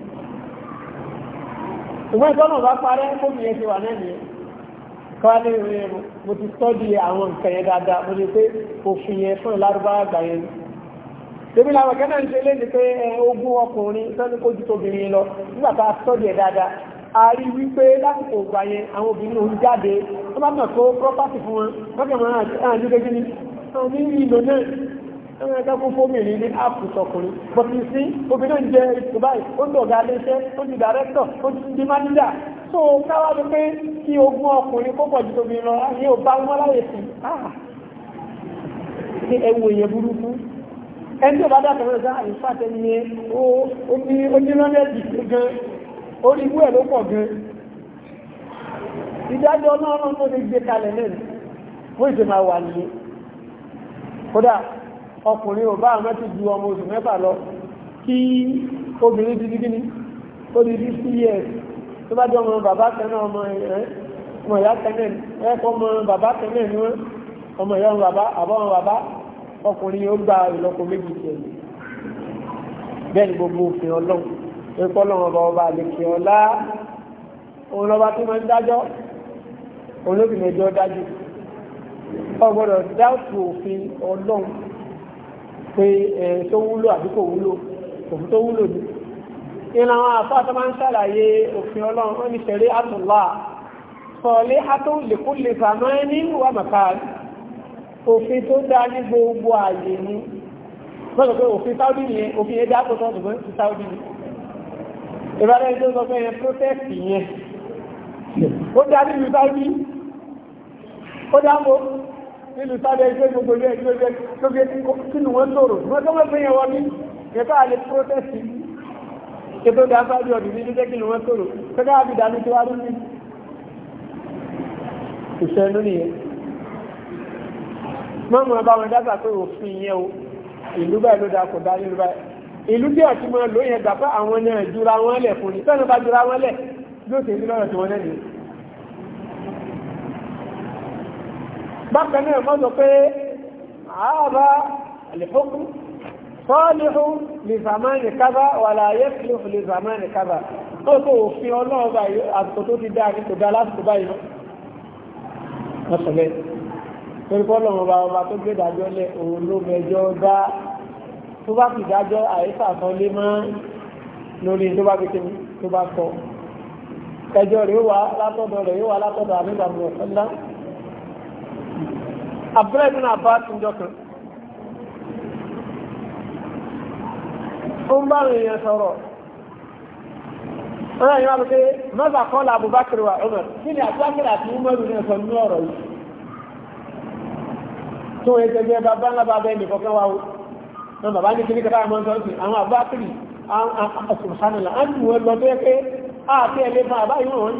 [SPEAKER 1] ìwé ìtọ́nà bá parẹ́ fóònù yẹn ti wà náà nìyẹn kọ́lé rẹ̀ mo ti tọ́jú àwọn nǹkan yẹn dáadáa mo ti pé òfin yẹn fún ìlárúbáwá gbà yẹn tèmi làwọn kẹ́nà ń ṣe léde pé ogún ọkùnrin sọ́ni kó ju tóbìnrin lọ nígbà tá a tọ́jú ẹ̀ dáadáa a rí wípé lásìkò ògbà yẹn àwọn obìnrin òun jáde wọ́n bá mọ̀ tó property fún wọn wọ́n kẹ́ ẹ̀rọ ẹ̀dá kún fómìnì ní áàpù tọkùnrin bọ̀tí sí obìnrin ń jẹ ipò báyìí ó ń dọ̀gá léṣẹ́ ó di dàrẹ́tọ̀ ó ti di mánídà tó káwá ló pé kí ogún ọkùnrin kó pọ̀jù tóbi lọ ayé ò bá wọn láyè sí ní ẹwù èèyàn burúkú ẹni tó bá dàtọ̀ rẹ̀ dá àyífàtẹ́ ni ó ní lọ́nẹ́ẹ̀dì gan orí ìwé ẹ̀ ló pọ̀ gan ìdájọ́ náà ló lè gbé kalẹ̀ náà wọ́n ìṣe máa wà nílé kódà ọkùnrin ò bá àmọ́ ti ju ọmọ oṣù mẹ́fà lọ kí obìnrin ti dígí ni ó di fifty years tó bá jẹ́ ọmọ bàbá kẹ́nà ọmọ ìyá kẹ́nà ẹ̀kọ́ ọmọ bàbá kẹ́nà ni wọ́n ọmọ ìyá bàbá àbọ̀ bàbá ọkùnrin ó gba ìlọ́po méjì tiẹ̀ bẹ́ẹ̀ gbogbo òfin ọlọ́run ẹ̀kọ́ ọlọ́run ọba ọba àlèkè ọlá òun lọ́ba tó máa ń dájọ́ òun ló fi lè dájú ọgbọ́dọ̀ dáàtò òfin ọlọ́run pé ẹ̀ tó wúlò àbí kò wúlò òfin tó wúlò ní. ìlànà àwọn àfáàtà máa ń ṣàlàyé òfin ọlọ́run wọ́n ní ṣẹ̀rí àtúnlá sọ̀lé hátó lèkó lè fàmọ́ ní wà màkà òfin tó dá ní gbogbo ààyè ni wọ́n sọ pé òfin sáúdì nílùú sábẹ́ ẹgbẹ́ gbogbo ilé ẹgbẹ́ ẹgbẹ́ tó gbé sínú wọn lòrò wọn tó wọ́n fún yẹn wọn ní ẹ̀ka àlè protest ètò ìdá sáájú ọ̀dùn ní jẹ́ kí ni wọ́n tòrò tẹ́gá àbí ìdánú tí wá lórí ìṣẹ́lú nìyẹn mọ́mọ́ ọba wọn dábàá pé òfin yẹn o ìlú báyìí ló dá kò dá nílùú báyìí ìlú bí ọ̀tí mọ́ lóyìn ẹgbà pé àwọn náà jura wọn lẹ̀ fún ni tọ́nà bá jura wọn lẹ̀ lóòtẹ́ ìlú lọ́rọ̀ tí wọ́n lẹ́nu bákan náà mọ́ sọ pé ààbá àlèfókù sọ́ọ̀lẹ́hù lè zàmánì kábà wà láyé fìlúfù lè zàmánì kábà tó tó òfin ọlọ́ọ̀bà àtò tó ti dá ní kò dá lásìkò báyìí lọ. wọ́n sọ bẹ́ẹ̀ torí ẹjọ́ rẹ̀ wà látọ̀dọ̀ rẹ̀ wà látọ̀dọ̀ àmì abúlé ní àbá ń jọkàn ó ń bá èèyàn sọ̀rọ̀ ọ̀rọ̀ yìí wá pé mọ́sà kọ́lá Abubakar wa Umar kí ni Abubakar àti ní ní ọ̀rọ̀ yìí tó yẹ bàbá ńlá bàbá ẹni kọ̀ọ̀kan wa bàbá ní kíní kẹta àmọ́ àwọn Abubakar pé ẹ̀lẹ́fà àbáyé wọn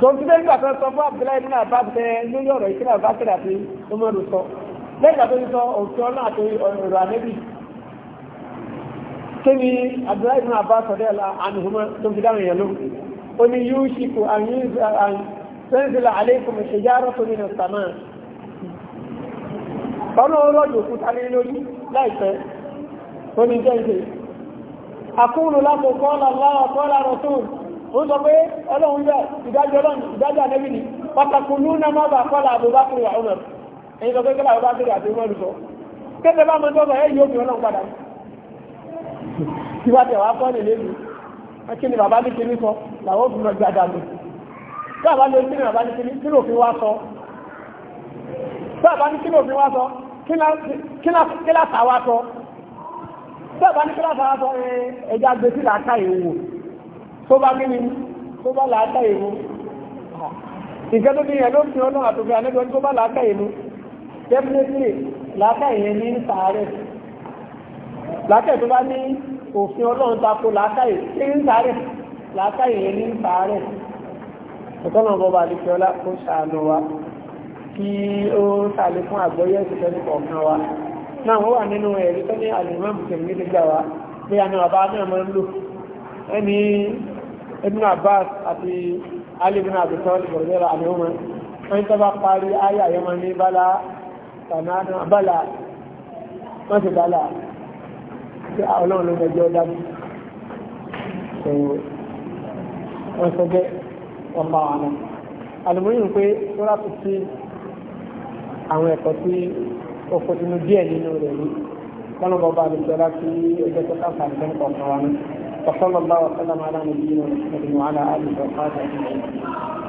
[SPEAKER 1] tó ń fi lẹ́yìn àtọ́ sọ fún Abdullahi nínú àbá bẹ lórí ọ̀rọ̀ ìṣẹ́lẹ̀ àbá tẹ̀lé àti ọmọdé sọ lẹ́yìn àtọ́ sọ òfin ọlọ́ àti ọ̀rọ̀ àlẹ́bí kébi Abdullahi nínú àbá sọ̀dẹ́ ọ̀la àmìhùmọ́ tó ń fi dáhùn yẹn lóhùn ó ní yóò ṣìkò àyínsẹ́nsẹ́lẹ̀ àlékún ìṣèjárọ̀ tó nínú sàmà ọ̀nà ọlọ́jọ́ òkúta lé lórí láìpẹ́ ó sọ pé ọlọ́run bẹ́ẹ̀ ìdájọ́ ọlọ́run ìdájọ́ ànẹ́bì ni pàtàkì ló náà má bà kọ́lá àbúbákiri àwọn ọ̀nà èyí sọ pé kọ́lá àbúbákiri àti ìmọ̀ olùsọ kéde bá mọ́ tọ́sọ̀ ẹ̀yìn òbí ọlọ́run padà tí wá tẹ̀ wá kọ́ ní lébi kí ni bàbá ní kiri sọ làwọn òfin lọ gbàdà lò bàbá ní kí ni bàbá ní kiri kí lòfin wá sọ bàbá ní kí lòfin wá sọ kí lásà wá sọ bàbá ní kí lásà wá sọ ẹja gbèsè làákà ìwò tó bá kí ni tó bá làákà ìmú nǹkan tó ní ẹ̀ ló fi ọlọ́run àtòfin anẹ́gbẹ́ tó bá làákà ìmú definitely làákà ìyẹn ní sàárẹ̀ làákà tó bá ní òfin ọlọ́run tako làákà ìyẹn ní sàárẹ̀ làákà ìyẹn ní sàárẹ̀ ọ̀tọ́nà bọba àdìsí ọlá kó ṣàánú wa kí ó sàlẹ̀ fún àgbọ́yé ìṣẹ́ nípa ọ̀kan wa náà wọ́n wà nínú ẹni ibn abbas àti ali ibn abi talib rẹ̀ àmì ọmọ wọ́n tó bá parí ayé àyọmọ ní bala tanana bala wọ́n ti bala tí ọlọ́run ló mẹjọ dájú wọ́n sọ bẹ́ ọmọ àwọn alùmọ́yìn pé wọ́n láti sí àwọn ẹ̀kọ́ tí ó kó sínú díẹ̀ nínú rẹ̀ ní kọ́nà bọ́bá àdìsọ́lá sí ẹgbẹ́ tó káfà
[SPEAKER 2] ìfẹ́ kọ̀ọ̀kan wa وصلى الله وسلم على نبينا محمد وعلى اله وصحبه اجمعين